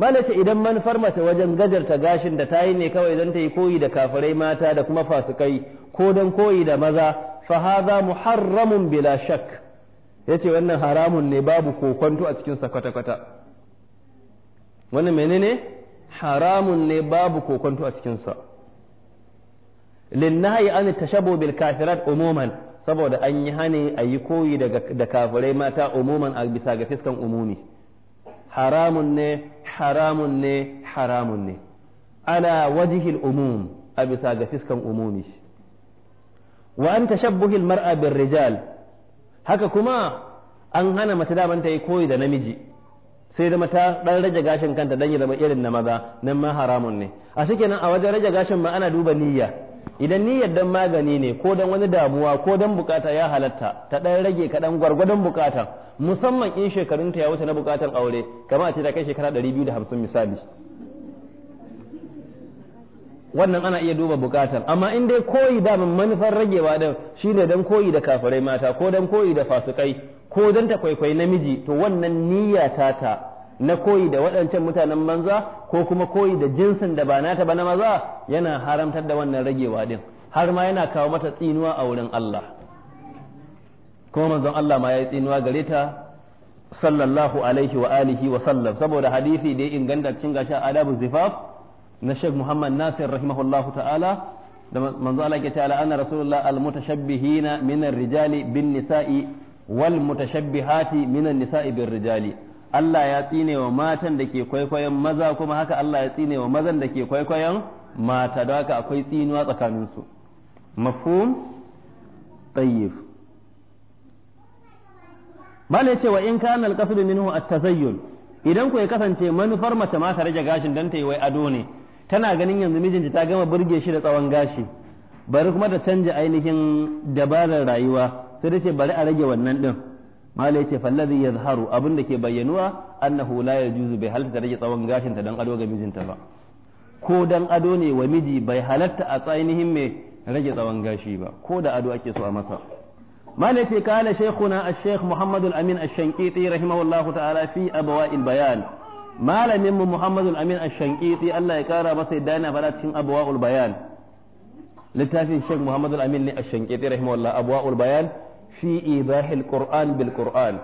A: ce idan manufar mace wajen gajarta gashin da ta yi ne kawai don ta yi koyi da kafirai mata da kuma fasikai ko don koyi da maza fa hadha muharramun bila shak yace wannan haramun ne babu kokonto a cikin sa kwata kwata wannan menene haramun ne babu kokonto a cikin sa linnahi an tashabbu bil kafirat umuman saboda an yi hani a yi koyi da kafirai mata umuman a bisa ga fiskan umumi haramun ne haramun ne haramun ne ala wajihil umum a bisa ga fiskan umumi wa an tashabbuhil rijal haka kuma an hana mace daman ta yi koyi da namiji sai da mata ɗan rage gashin kanta dan ya zama irin na maza nan ma haramun ne a shikenan a wajen rage gashin ma ana duba niyya idan niyyar dan magani ne ko dan wani damuwa ko dan bukata ya halatta ta dan rage kaɗan gwargwadon bukata musamman in shekarunta ya wuce na bukatar aure kamar a ce ta kai shekara 250 misali wannan ana iya duba bukatar amma in dai koyi damin manufar ragewa din shine dan koyi da kafirai mata ko dan koyi da fasikai ko dan ta kwaikwayi namiji to wannan niyyata ta na koyi da waɗancan mutanen banza ko kuma koyi da jinsin da ba nata ba na maza yana haramtar da wannan ragewa din har ma yana kawo mata tsinuwa a wurin Allah kuma manzon Allah ma ya yi tsinuwa gare ta sallallahu alaihi wa alihi wa sallam saboda hadisi da ya inganta cin gashi adabu zifaf na Sheikh Muhammad Nasir rahimahullahu ta'ala da manzo Allah ke ce ala anna rasulullah al mutashabbihina min ar-rijali bin nisa'i wal mutashabbihati min an-nisa'i bir rijali Allah ya tsine wa matan da ke kwaikwayon maza kuma haka Allah ya tsine wa mazan da ke kwaikwayon mata da haka akwai tsinuwa tsakaninsu mafhum tayyib bane cewa in kana alqasd minhu at-tazayyun idan ku ya kasance manufar mace ma ta rage gashin dan ta yi wai ado ne tana ganin yanzu mijinta ta gama burge shi da tsawon gashi bari kuma ta canja ainihin dabarar rayuwa sai dace ce bari a rage wannan ɗin. mala yace fallazi yazharu abin da ke bayyanuwa annahu la yajuzu bai halatta rage tsawon gashin ta dan ado ga mijinta ba ko dan ado ne wa miji bai halatta a tsainihin mai rage tsawon gashi ba ko da ado ake so a masa mala ce kana shaykhuna ash-shaykh Muhammad al-Amin ash-Shankiti rahimahullahu ta'ala fi abwa'il bayan malamin mu Muhammad al-Amin ash-Shankiti Allah ya kara masa yadda yana fara cikin abwa'ul bayan littafin Sheikh Muhammad al-Amin ne ash-Shankiti rahimahullahu abwa'ul bayan fi idahil qur'an bil qur'an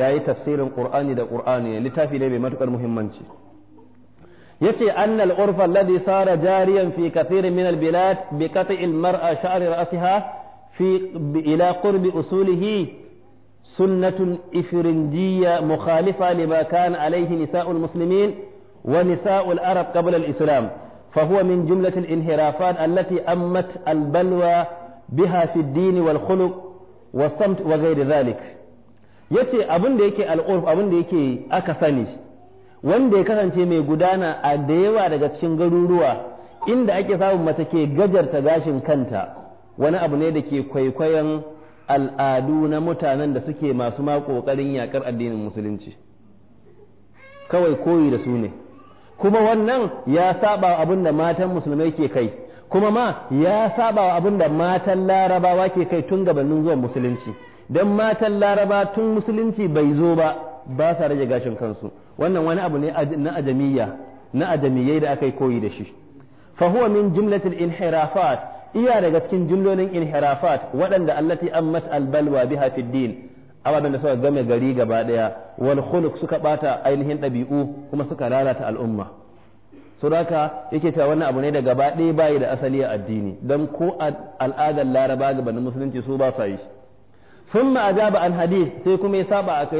A: yayi tafsirin qur'ani da qur'ani littafi ne mai matukar muhimmanci yace annal urfa alladhi sara jariyan fi kathirin min al bilad bi qat'i al mar'a sha'r ra'siha fi ila qurbi usulihi sunnatun ifrinjiyya mukhalifa lima kana alayhi nisa'ul muslimin wa nisa'ul arab qabla al islam فهو من جملة الانحرافات التي أمت البلوى بها في الدين والخلق wasamt samt wa ghairi zalik yace abin da yake al'urf abin da yake aka sani wanda ya kasance mai gudana a da yawa daga cikin garuruwa inda ake samun mace ke gajarta gashin kanta wani abu ne da ke kwaikwayon al'adu na mutanen da suke masu ma kokarin yakar addinin musulunci kawai koyi da su ne kuma wannan ya saba abin da matan musulmai ke kai kuma ma ya saba wa abin da matan larabawa ke kai tun gabanin zuwan musulunci don matan laraba tun musulunci bai zo ba ba sa rage gashin kansu wannan wani abu ne na ajamiya na ajamiyyai da aka yi koyi da shi fa huwa min jumlatil inhirafat iya daga cikin jumlolin inhirafat waɗanda allati ammat albalwa biha fid din ababen da suka game gari gaba daya wal khuluq suka bata ainihin ɗabi'u kuma suka lalata al'umma saboda yake cewa wannan abu ne da gaba ɗaya bayi da asali a addini dan ko al'adar laraba gabanin musulunci su ba sa yi sun ajaba an hadith sai kuma ya saba aka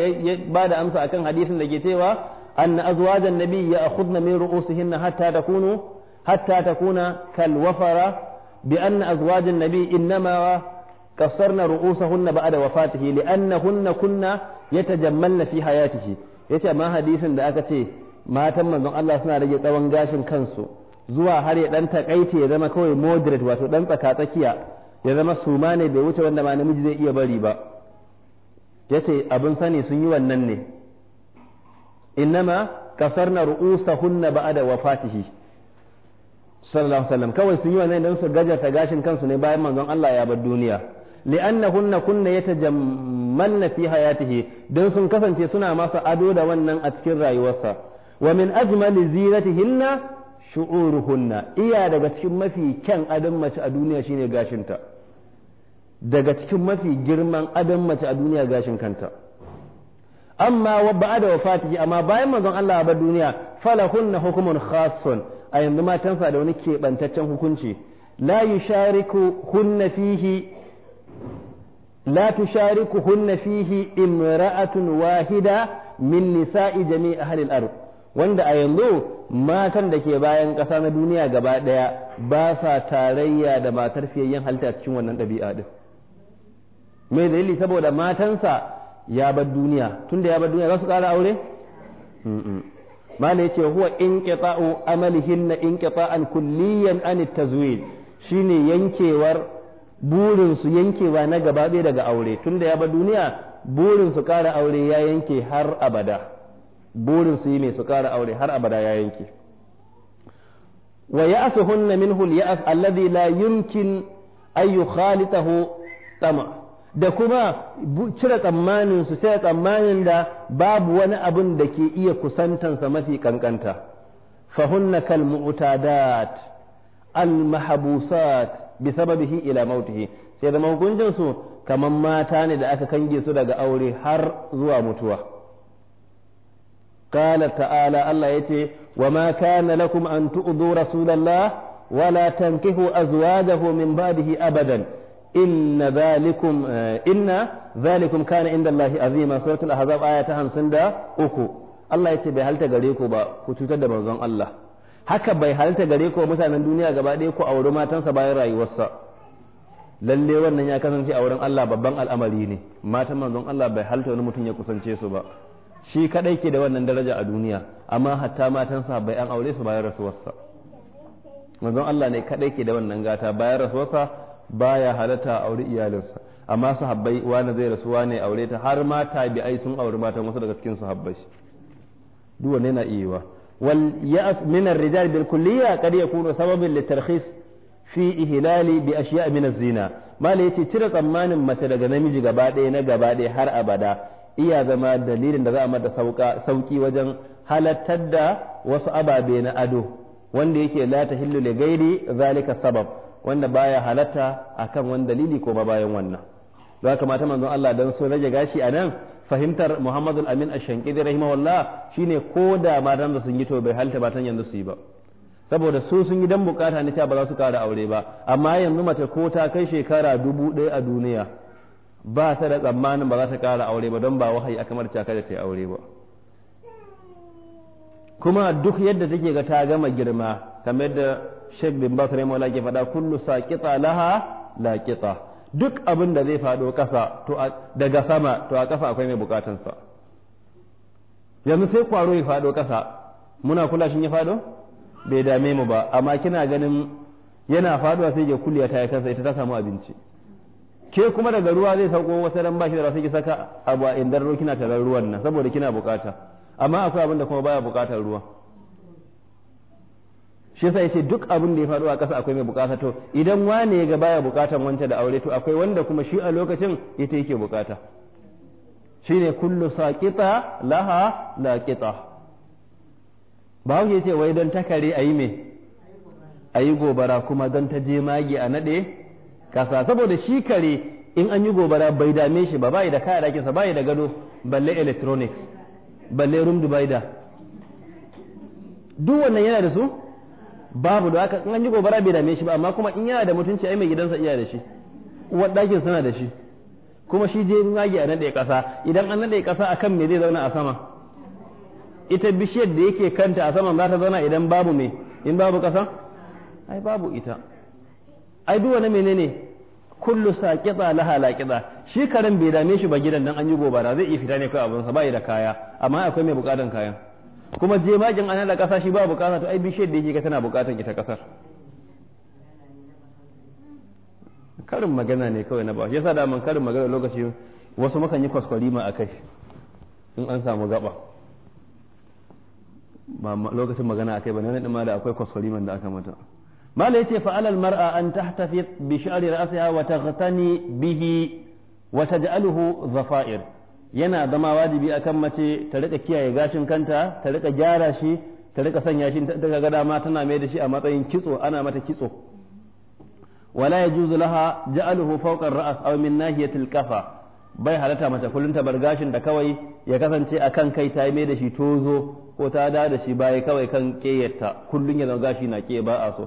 A: ba da amsa akan hadisin da ke cewa anna azwajan nabi ya akhudna min ru'usihinna hatta takunu hatta takuna kal wafara bi anna azwajan nabi innama قصرنا رؤوسهن بعد وفاته لأنهن كنا يتجملن في حياته yace ma hadisin da aka ce matan manzon Allah suna rage tsawon gashin kansu zuwa har ya dan takaice ya zama kawai moderate wato dan tsaka tsakiya ya zama suma ne bai wuce wanda ma namiji zai iya bari ba yace abin sani sun yi wannan ne innama kasarna ru'usahunna ba'da wafatihi sallallahu alaihi wasallam kawai sun yi wannan dan su gajarta gashin kansu ne bayan manzon Allah ya bar duniya li'annahunna kunna yatajammalna fi hayatihi dan sun kasance suna masa ado da wannan a cikin rayuwarsa wa min ajmali zinatihinna shu'uruhunna iya daga cikin mafi kyan adon mace a duniya shine gashinta daga cikin mafi girman adon mace a duniya gashin kanta amma wa ba'da wafatihi amma bayan manzon Allah ba duniya falahunna hukumun khassun a yanzu matan sa da wani keɓantaccen hukunci la yushariku hunna fihi la tushariku hunna fihi imra'atun wahida min nisa'i jami'i ahli al wanda a yanzu matan da ke bayan ƙasa na duniya gaba ɗaya ba sa tarayya da matar fiyayyen halitta cikin wannan ɗabi'a ɗin mai dalili saboda matansa ya bar duniya tun da ya bar duniya za su ƙara aure mala yace huwa inqita'u amalihinna inqita'an kulliyan an at shine yankewar burin yankewa na gaba ɗaya daga aure tun da ya bar duniya burin su ƙara aure ya yanke har abada burin su yi mai su kara aure har abada ya yanke wa ya'suhunna minhu al-ya'as alladhi la yumkin ay yukhalitahu tama da kuma cire tsammanin su cire tsammanin da babu wani abin da ke iya kusantansa mafi kankanta fahunna kal mu'tadat al mahbusat sababihi ila mautihi sai da hukuncin su kamar mata ne da aka kange su daga aure har zuwa mutuwa قال تعالى الله يتي وما كان لكم أن تؤذوا رسول الله ولا تنكحوا أزواجه من بعده أبدا إن ذلكم إن ذلكم كان عند الله عظيما سورة الأحزاب آية 50 uku Allah ya ce bai halta gare ku ba ku cutar da manzon Allah haka bai halta gare ku mutanen duniya gaba ɗaya ku auri matansa bayan rayuwarsa Lallai wannan ya kasance a wurin Allah babban al'amari ne matan manzon Allah bai halta wani mutum ya kusance su ba shi kadai ke da wannan daraja a duniya amma hatta matan bai an aure su bayan rasuwarsa manzon Allah ne kadai ke da wannan gata bayan rasuwarsa baya halatta a aure iyalinsa amma sahabbai wani zai rasuwa ne aure ta har ma tabi'ai sun aure matan wasu daga cikin sahabbai duk wanne na iya wal ya'as min ar-rijal bil kulliyya qad yakunu sababan tarkhis fi ihlali bi ashiya' min az-zina mala yace cire tsammanin mace daga namiji gaba ɗaya na gaba ɗaya har abada iya zama dalilin da za a mata sauki wajen halattar da wasu ababe na ado wanda yake la hillu li ghairi zalika sabab wanda baya halatta akan wani dalili ko bayan wannan don haka mata manzon Allah dan so rage gashi a nan fahimtar Muhammadul Amin Ash-Shankidi rahimahullah shine ko da matan da sun yi to bai halta matan yanzu su yi ba saboda su sun yi dan bukata ne ta ba za su kara aure ba amma yanzu mace ko ta kai shekara dubu ɗaya a duniya ba ta da tsammanin ba za ta ƙara aure ba don ba wahayi kamar caka da ta yi aure ba kuma duk yadda take ga ta gama girma kamar yadda Sheikh bin Bakr Maula ke faɗa kullu kitsa laha kitsa duk abin da zai faɗo ƙasa daga sama to a ƙasa akwai mai bukatansa yanzu sai kwaro ya faɗo ƙasa muna kula shi ya faɗo bai dame mu ba amma kina ganin yana faɗuwa sai ya kulle ta kansa ita ta samu abinci ke kuma daga ruwa zai sauko wasu ran bashi da rasu ki saka abu a indar kina tarar ruwan nan saboda kina bukata amma akwai abin da kuma baya bukatar ruwa shi yasa yace duk abin da ya faru a ƙasa akwai mai bukata to idan wane ya ga baya bukatar wance da aure to akwai wanda kuma shi a lokacin ita yake bukata shine kullu saqita laha laqita ba yace ce wai don takare ayi me ayi gobara kuma dan ta je magi a nade kasa saboda shi kare in an yi gobara bai dame shi ba bai da kaya dakinsa bai da gado balle electronics balle room divider duk wannan yana da su babu da haka in an yi gobara bai dame shi ba amma kuma in yana da mutunci ai mai gidansa iya da shi uwar dakin sana da shi kuma shi je yage a naɗe ƙasa idan an naɗe ƙasa akan me zai zauna a sama ita bishiyar da yake kanta a saman za ta zauna idan babu me in babu ƙasa ai babu ita ai duk wani menene kullu saqita laha laqita shi karen bai dame shi ba gidan dan an yi gobara zai iya fita ne kai abun sa bai da kaya amma akwai mai bukatan kayan kuma jemagin an da kasa shi ba bukata to ai bishiyar da yake ga tana bukatan ita kasar karin magana ne kawai na ba shi yasa da man karin magana lokaci wasu mukan yi kwaskwarima a kai in an samu gaba ba lokacin magana a kai ba ne da akwai kwaskwariman da aka mata mala ya ce fa'alal mar'a an tahtafi bi sha'ri ra'siha wata taghtani bihi wata taj'aluhu zafa'ir yana zama wajibi akan mace ta rika kiyaye gashin kanta ta rika gyara shi ta rika sanya shi ta ga dama tana mai da shi a matsayin kitso ana mata kitso wala ya laha ja'aluhu fawqa ra'as ras min nahiyati kafa bai halatta mace kullum ta bar gashin da kawai ya kasance a kan kai ta mai da shi tozo ko ta da da shi baya kawai kan ƙeyarta kullum ya zama gashi na ke ba a so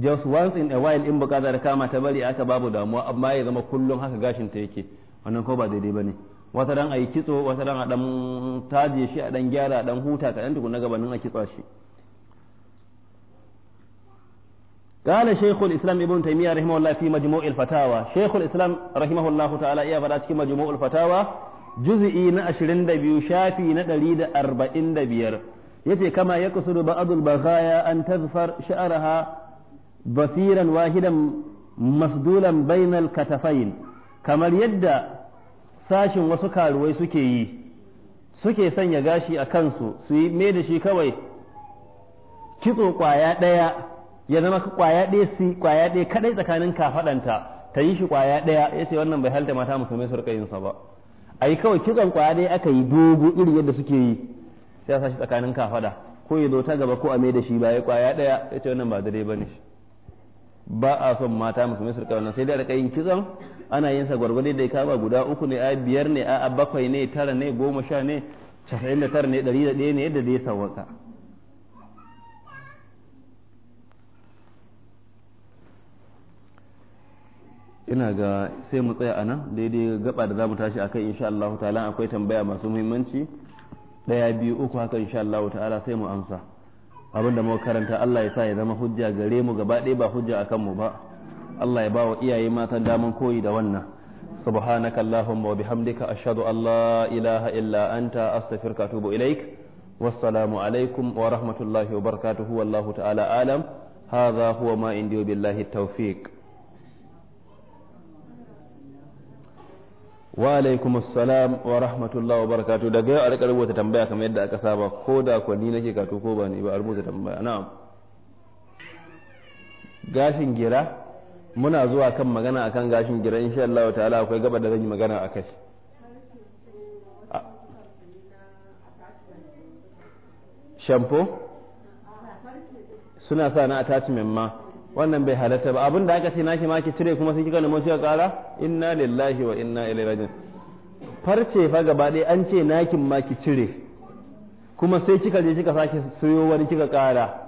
A: just once in a while in bukata da kama ta bari aka babu damuwa amma ya zama kullum haka gashin ta yake wannan ko ba daidai bane wata ran ayi kitso wata ran a dan taje shi a dan gyara a dan huta ka dan tukuna gabanin a kitsa shi قال شيخ الإسلام ابن تيمية رحمه الله في مجموع الفتاوى شيخ الإسلام رحمه الله تعالى يا da في مجموع الفتاوى جزئي نأشرين دبيو شافي ندليد أربعين دبير يتي كما يقصد بعض البغايا تظفر شعرها basiran wahidan masdulan bainal katafain kamar yadda sashin wasu karuwai suke yi suke sanya gashi a kansu su yi me da shi kawai kitso kwaya ɗaya ya zama kwaya ɗaya su kwaya ɗaya kadai tsakanin kafaɗanta ta yi shi kwaya ɗaya ya ce wannan bai halta mata musulmai su rika yin ba a yi kawai kitson kwaya ɗaya aka yi dogo irin yadda suke yi sai a sa shi tsakanin kafaɗa ko ya zo ta gaba ko a me da shi ba ya kwaya ɗaya ya ce wannan ba dare ba ne ba a son mata musulmi su rika wannan sai dai rika yin kitson ana yin sa gwargwade da kaba guda uku ne a biyar ne a bakwai ne tara ne goma sha ne casa'in da tara ne ɗari da ɗaya ne yadda zai sawwaka ina ga sai mu tsaya a nan daidai gaba da za mu tashi akai insha Allah ta'ala akwai tambaya masu muhimmanci ɗaya biyu uku haka insha Allah ta'ala sai mu amsa abin da muka karanta Allah ya sa ya zama hujja gare mu gaba ɗaya ba hujja a mu ba Allah ya ba wa iyaye mata daman koyi da wannan subhanaka allahumma wa bihamdika ashhadu an la ilaha illa anta astaghfiruka atubu ilaik wassalamu alaikum wa rahmatullahi wa barakatuhu wallahu ta'ala alam hadha huwa ma indi billahi tawfiq wa alaikum assalam wa rahmatullahi wa barakatuh daga yau a rika rubuta tambaya kamar yadda aka saba ko da ko ni nake kato ko ba ni ba a rubuta tambaya na'am gashin gira muna zuwa kan magana akan gashin gira insha Allah ta'ala akwai gaba da zan yi magana akai shampo suna sa na attachment ma wannan bai halatta ba abin da aka ce naki ma ki cire kuma sai kika nemo shi kara inna lillahi wa inna ilaihi raji'un farce fa gaba ɗaya an ce nakin ma ki cire kuma sai kika je kika sake siyo wani kika kara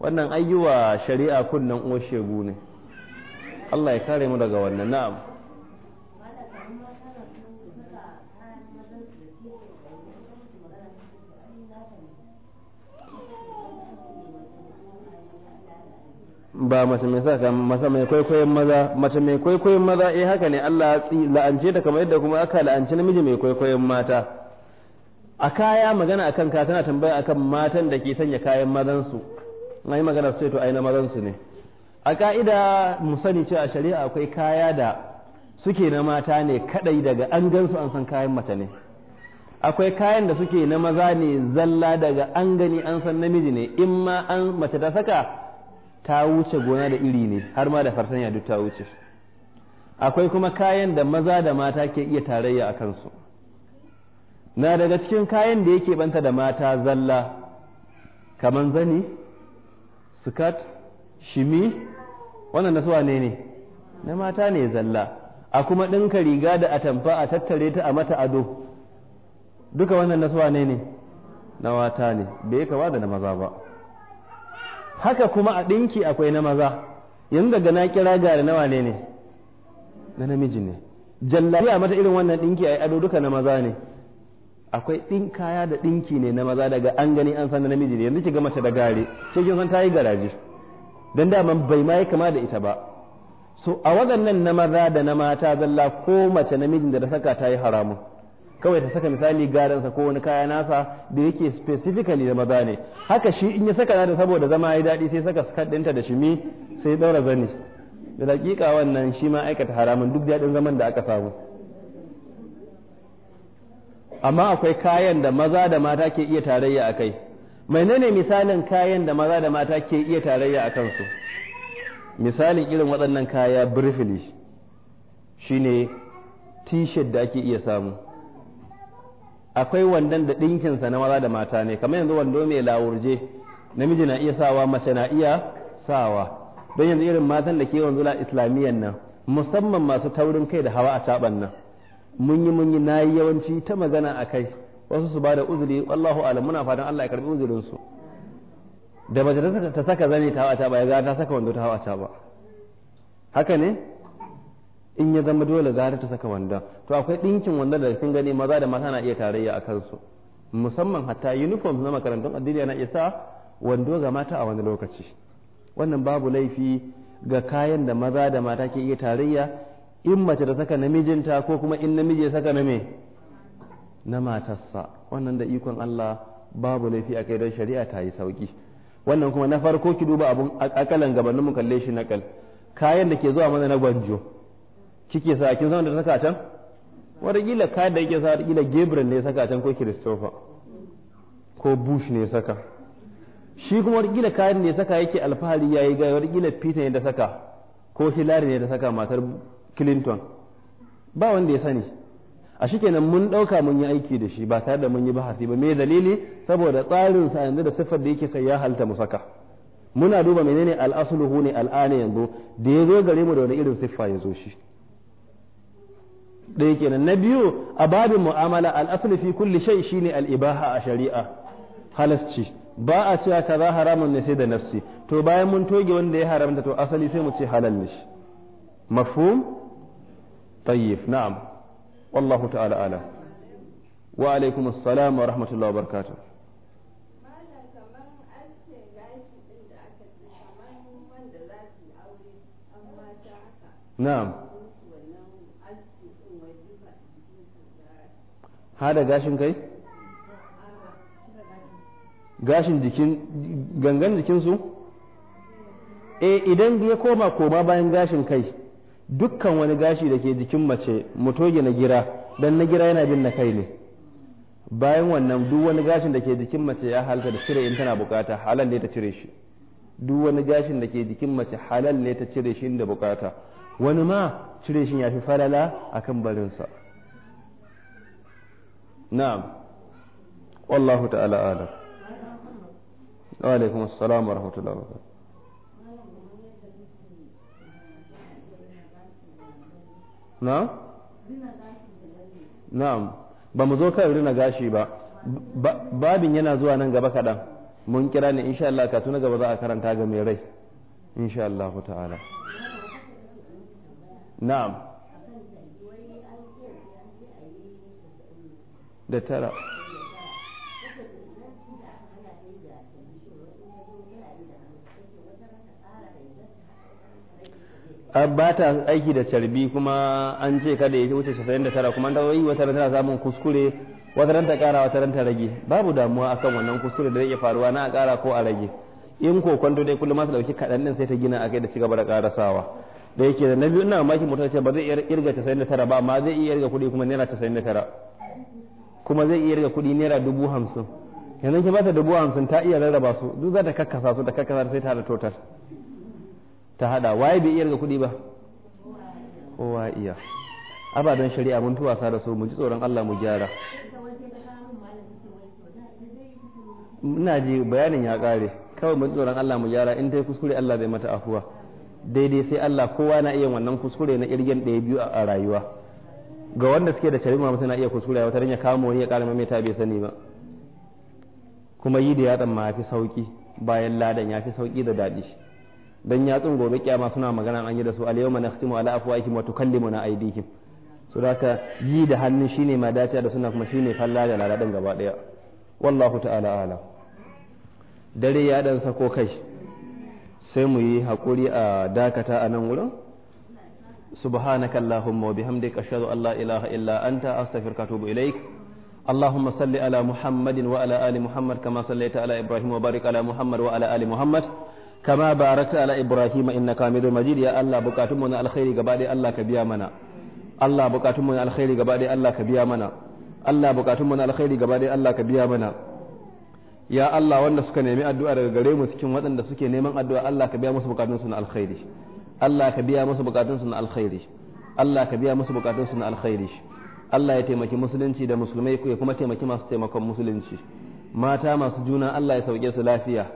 A: wannan ayyuwa shari'a kunnan oshegu ne Allah ya kare mu daga wannan na'am ba mace mai sa mace mai kwaikwayon maza mace mai kwaikwayon maza eh haka ne Allah ya la'ance ta kamar yadda kuma aka la'anci namiji mai kwaikwayon mata a kaya magana akan ka tana tambaya akan matan da ke sanya kayan mazan su nayi magana su to ai na mazan su ne a ka'ida mu sani cewa shari'a akwai kaya da suke na mata ne kadai daga an gansu an san kayan mace ne akwai kayan da suke na maza ne zalla daga an gani an san namiji ne in ma an mace ta saka ta wuce gona da iri ne har ma da fartanya duk ta wuce akwai kuma kayan da maza da mata ke iya tarayya a kansu na daga cikin kayan da yake banta da mata zalla kaman zani skirt shimi wannan na suwa ne ne na mata ne zalla a kuma ɗinka riga da atamfa a tattare ta a mata ado duka wannan na suwa ne ne na wata ne bai kama da na maza ba haka kuma a ɗinki akwai na maza yanzu daga na kira gari na wane ne na namiji ne jallabiya mata irin wannan ɗinki a ado duka na maza ne akwai ɗin kaya da ɗinki ne na maza daga an gani an san na namiji ne yanzu kiga mace da gare sai kin san ta yi garaje dan daman bai ma yi kama da ita ba so a waɗannan na maza da na mata zalla ko mace namijin da ta saka ta yi haramun kawai ta saka misali garansa ko wani kaya nasa da yake specifically da maza ne haka shi in ya saka na da saboda zama ya daɗi sai saka skirt ɗinta da shimi sai ɗaura zani da daƙiƙa wannan shi ma aikata haramun duk daɗin zaman da aka samu amma akwai kayan da maza da mata ke iya tarayya a kai menene misalin kayan da maza da mata ke iya tarayya a kansu misalin irin waɗannan kaya briefly shine t-shirt da ake iya samu akwai wandon da ɗinkinsa na maza da mata ne kamar yanzu wando mai lawurje namiji na iya sawa mace na iya sawa don yanzu irin matan da ke wanzu la islamiyyan nan musamman masu taurin kai da hawa a taban nan mun yi mun yi na yi yawanci ta magana a kai wasu su ba da uzuri wallahu alam muna fatan Allah ya karbi uzurin da mace ta saka zani ta hawa a ya ga ta saka wando ta hawa taɓa haka ne in ya zama dole zara ta saka wanda to akwai ɗinkin wanda da sun gani maza da mata na iya tarayya a kansu musamman hatta uniform na makarantun addini na isa wando ga mata a wani lokaci wannan babu laifi ga kayan da maza da mata ke iya tarayya in mace da saka namijinta ko kuma in namiji ya saka na me na matarsa wannan da ikon Allah babu laifi a kai don shari'a ta yi sauki wannan kuma na farko ki duba abun akalan gabanin mu kalle shi nakal kayan da ke zuwa mana na gwanjo kike sa kin zama da saka can gila kayan da yake sa gila gabriel ne saka can ko christopher ko bush ne saka shi kuma gila kayan ne saka yake alfahari ya yi gaya gila peter ne da saka ko hillary ne da saka matar clinton ba wanda ya sani a shi kenan mun ɗauka mun yi aiki da shi ba tare da mun yi bahasi ba me dalili saboda tsarin sa yanzu da siffar da yake sai ya halta mu saka muna duba menene al'asluhu ne al'ana yanzu da ya zo gare mu da wani irin siffa ya zo shi ɗaya kenan na biyu a babin mu'amala al'asali fi kulli shay shine al'ibaha a shari'a halasci ba a cewa kaza haramun ne sai da nafsi to bayan mun toge wanda ya haramta to asali sai mu ce halal ne shi mafhum tayyib na'am wallahu ta'ala ala wa alaikum assalam wa rahmatullahi wa barakatuh na'am ha da gashin kai gashin jikin gangan jikinsu e idan ya koma koma bayan gashin kai dukkan wani gashi da ke jikin mace mutoge na gira dan na gira yana jin na kai ne bayan wannan duk wani gashin da ke jikin mace ya halta da cire in tana bukata halal ne ta cire shi duk wani gashin da ke jikin mace halal ne ta cire shi inda bukata wani ma cire shi ya fi falala akan barinsa na'am wallahu ta'ala alam wa alaikum assalam wa rahmatullahi wa barakatuh na'am na'am ba mu zo kan rina gashi ba babin yana zuwa nan gaba kaɗan mun kira ne insha Allah ka tuna gaba za a karanta ga mai rai insha Allah ta'ala na'am da tara ba ta aiki da carbi kuma an ce kada ya wuce tara kuma ta yi wata tana samun kuskure wata ran ta kara wata ran ta rage babu damuwa akan wannan kuskure da zai faruwa na a kara ko a rage in ko kwanto dai kullum masu dauki kaɗan din sai ta gina a kai da gaba da karasawa da yake da na biyu ina mamakin mutum ce ba zai iya irga tara ba amma zai iya irga kuɗi kuma naira tara. kuma zai iya rika kuɗi naira dubu hamsin yanzu ki bata dubu hamsin ta iya rarraba su duk za ta kakkasa su ta kakkasa sai ta da total ta hada waye bai iya rika kuɗi ba kowa iya abadan shari'a mun tuwasa da su mu ji tsoron Allah mu gyara ina ji bayanin ya kare kawai mu ji tsoron Allah mu gyara in dai kuskure Allah zai mata afuwa daidai sai Allah kowa na iya wannan kuskure na irgen ɗaya biyu a rayuwa ga wanda suke da shari'a mutum na iya kuskure wata ya kama wani ya mai ta bai sani ba kuma yi da yatsan ma fi sauki bayan ladan ya fi sauki da daɗi dan yatsun gobe kyama suna magana an yi da su alyawma nakhtimu ala afwahihim wa tukallimuna aydihim so haka yi da hannu shine ma dace da suna kuma shine falla da ladan gaba daya wallahu ta'ala ala dare ya dan sako kai sai mu yi hakuri a dakata a nan wurin سبحانك اللهم وبحمدك أشهد أن لا إله إلا أنت أستغفرك وأتوب إليك اللهم صل على محمد وعلى آل محمد كما صليت على إبراهيم وبارك على محمد وعلى آل محمد كما باركت على إبراهيم إنك حميد مجيد يا الله بكاتمنا الخير قبالي الله كبيا منا الله بكاتمنا الخير قبالي الله كبيا منا Allah bukatunmu na alkhairi gaba dai Allah ka biya mana ya Allah wanda suka nemi addu'a daga gare mu cikin waɗanda suke neman addu'a Allah ka biya musu bukatunsu na alkhairi Allah ka biya musu bukatunsu na alkhairi Allah ka biya musu bukatunsu na alkhairi Allah ya taimaki musulunci da musulmai ya kuma taimaki masu taimakon musulunci mata masu juna Allah ya sauke su lafiya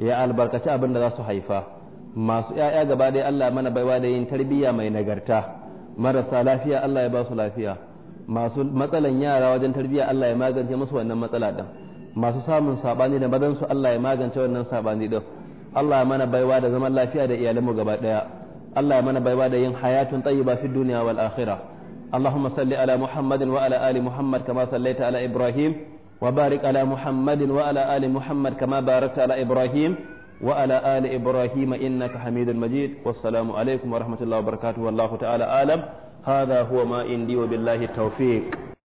A: ya albarkaci abin da za su haifa masu ‘ya'ya gaba ɗaya Allah mana baiwa da yin tarbiyya mai nagarta marasa lafiya Allah ya ba su lafiya masu matsalan yara wajen tarbiyya Allah ya magance musu wannan matsala ɗin masu samun sabani da madansu Allah ya magance wannan sabani ɗin Allah mana baiwa da zaman lafiya da iyalanmu gaba ɗaya Allah ya mana baiwa da yin hayatun tayyiba fi duniya wal akhirah Allahumma salli ala Muhammadin wa ala ali Muhammad kama sallaita ala Ibrahim wa barik ala Muhammadin wa ala ali Muhammad kama barakta ala Ibrahim wa ala ali Ibrahim innaka Hamidul Majid wassalamu alaikum wa rahmatullahi wa barakatuh wallahu ta'ala alam هذا هو ما عندي وبالله التوفيق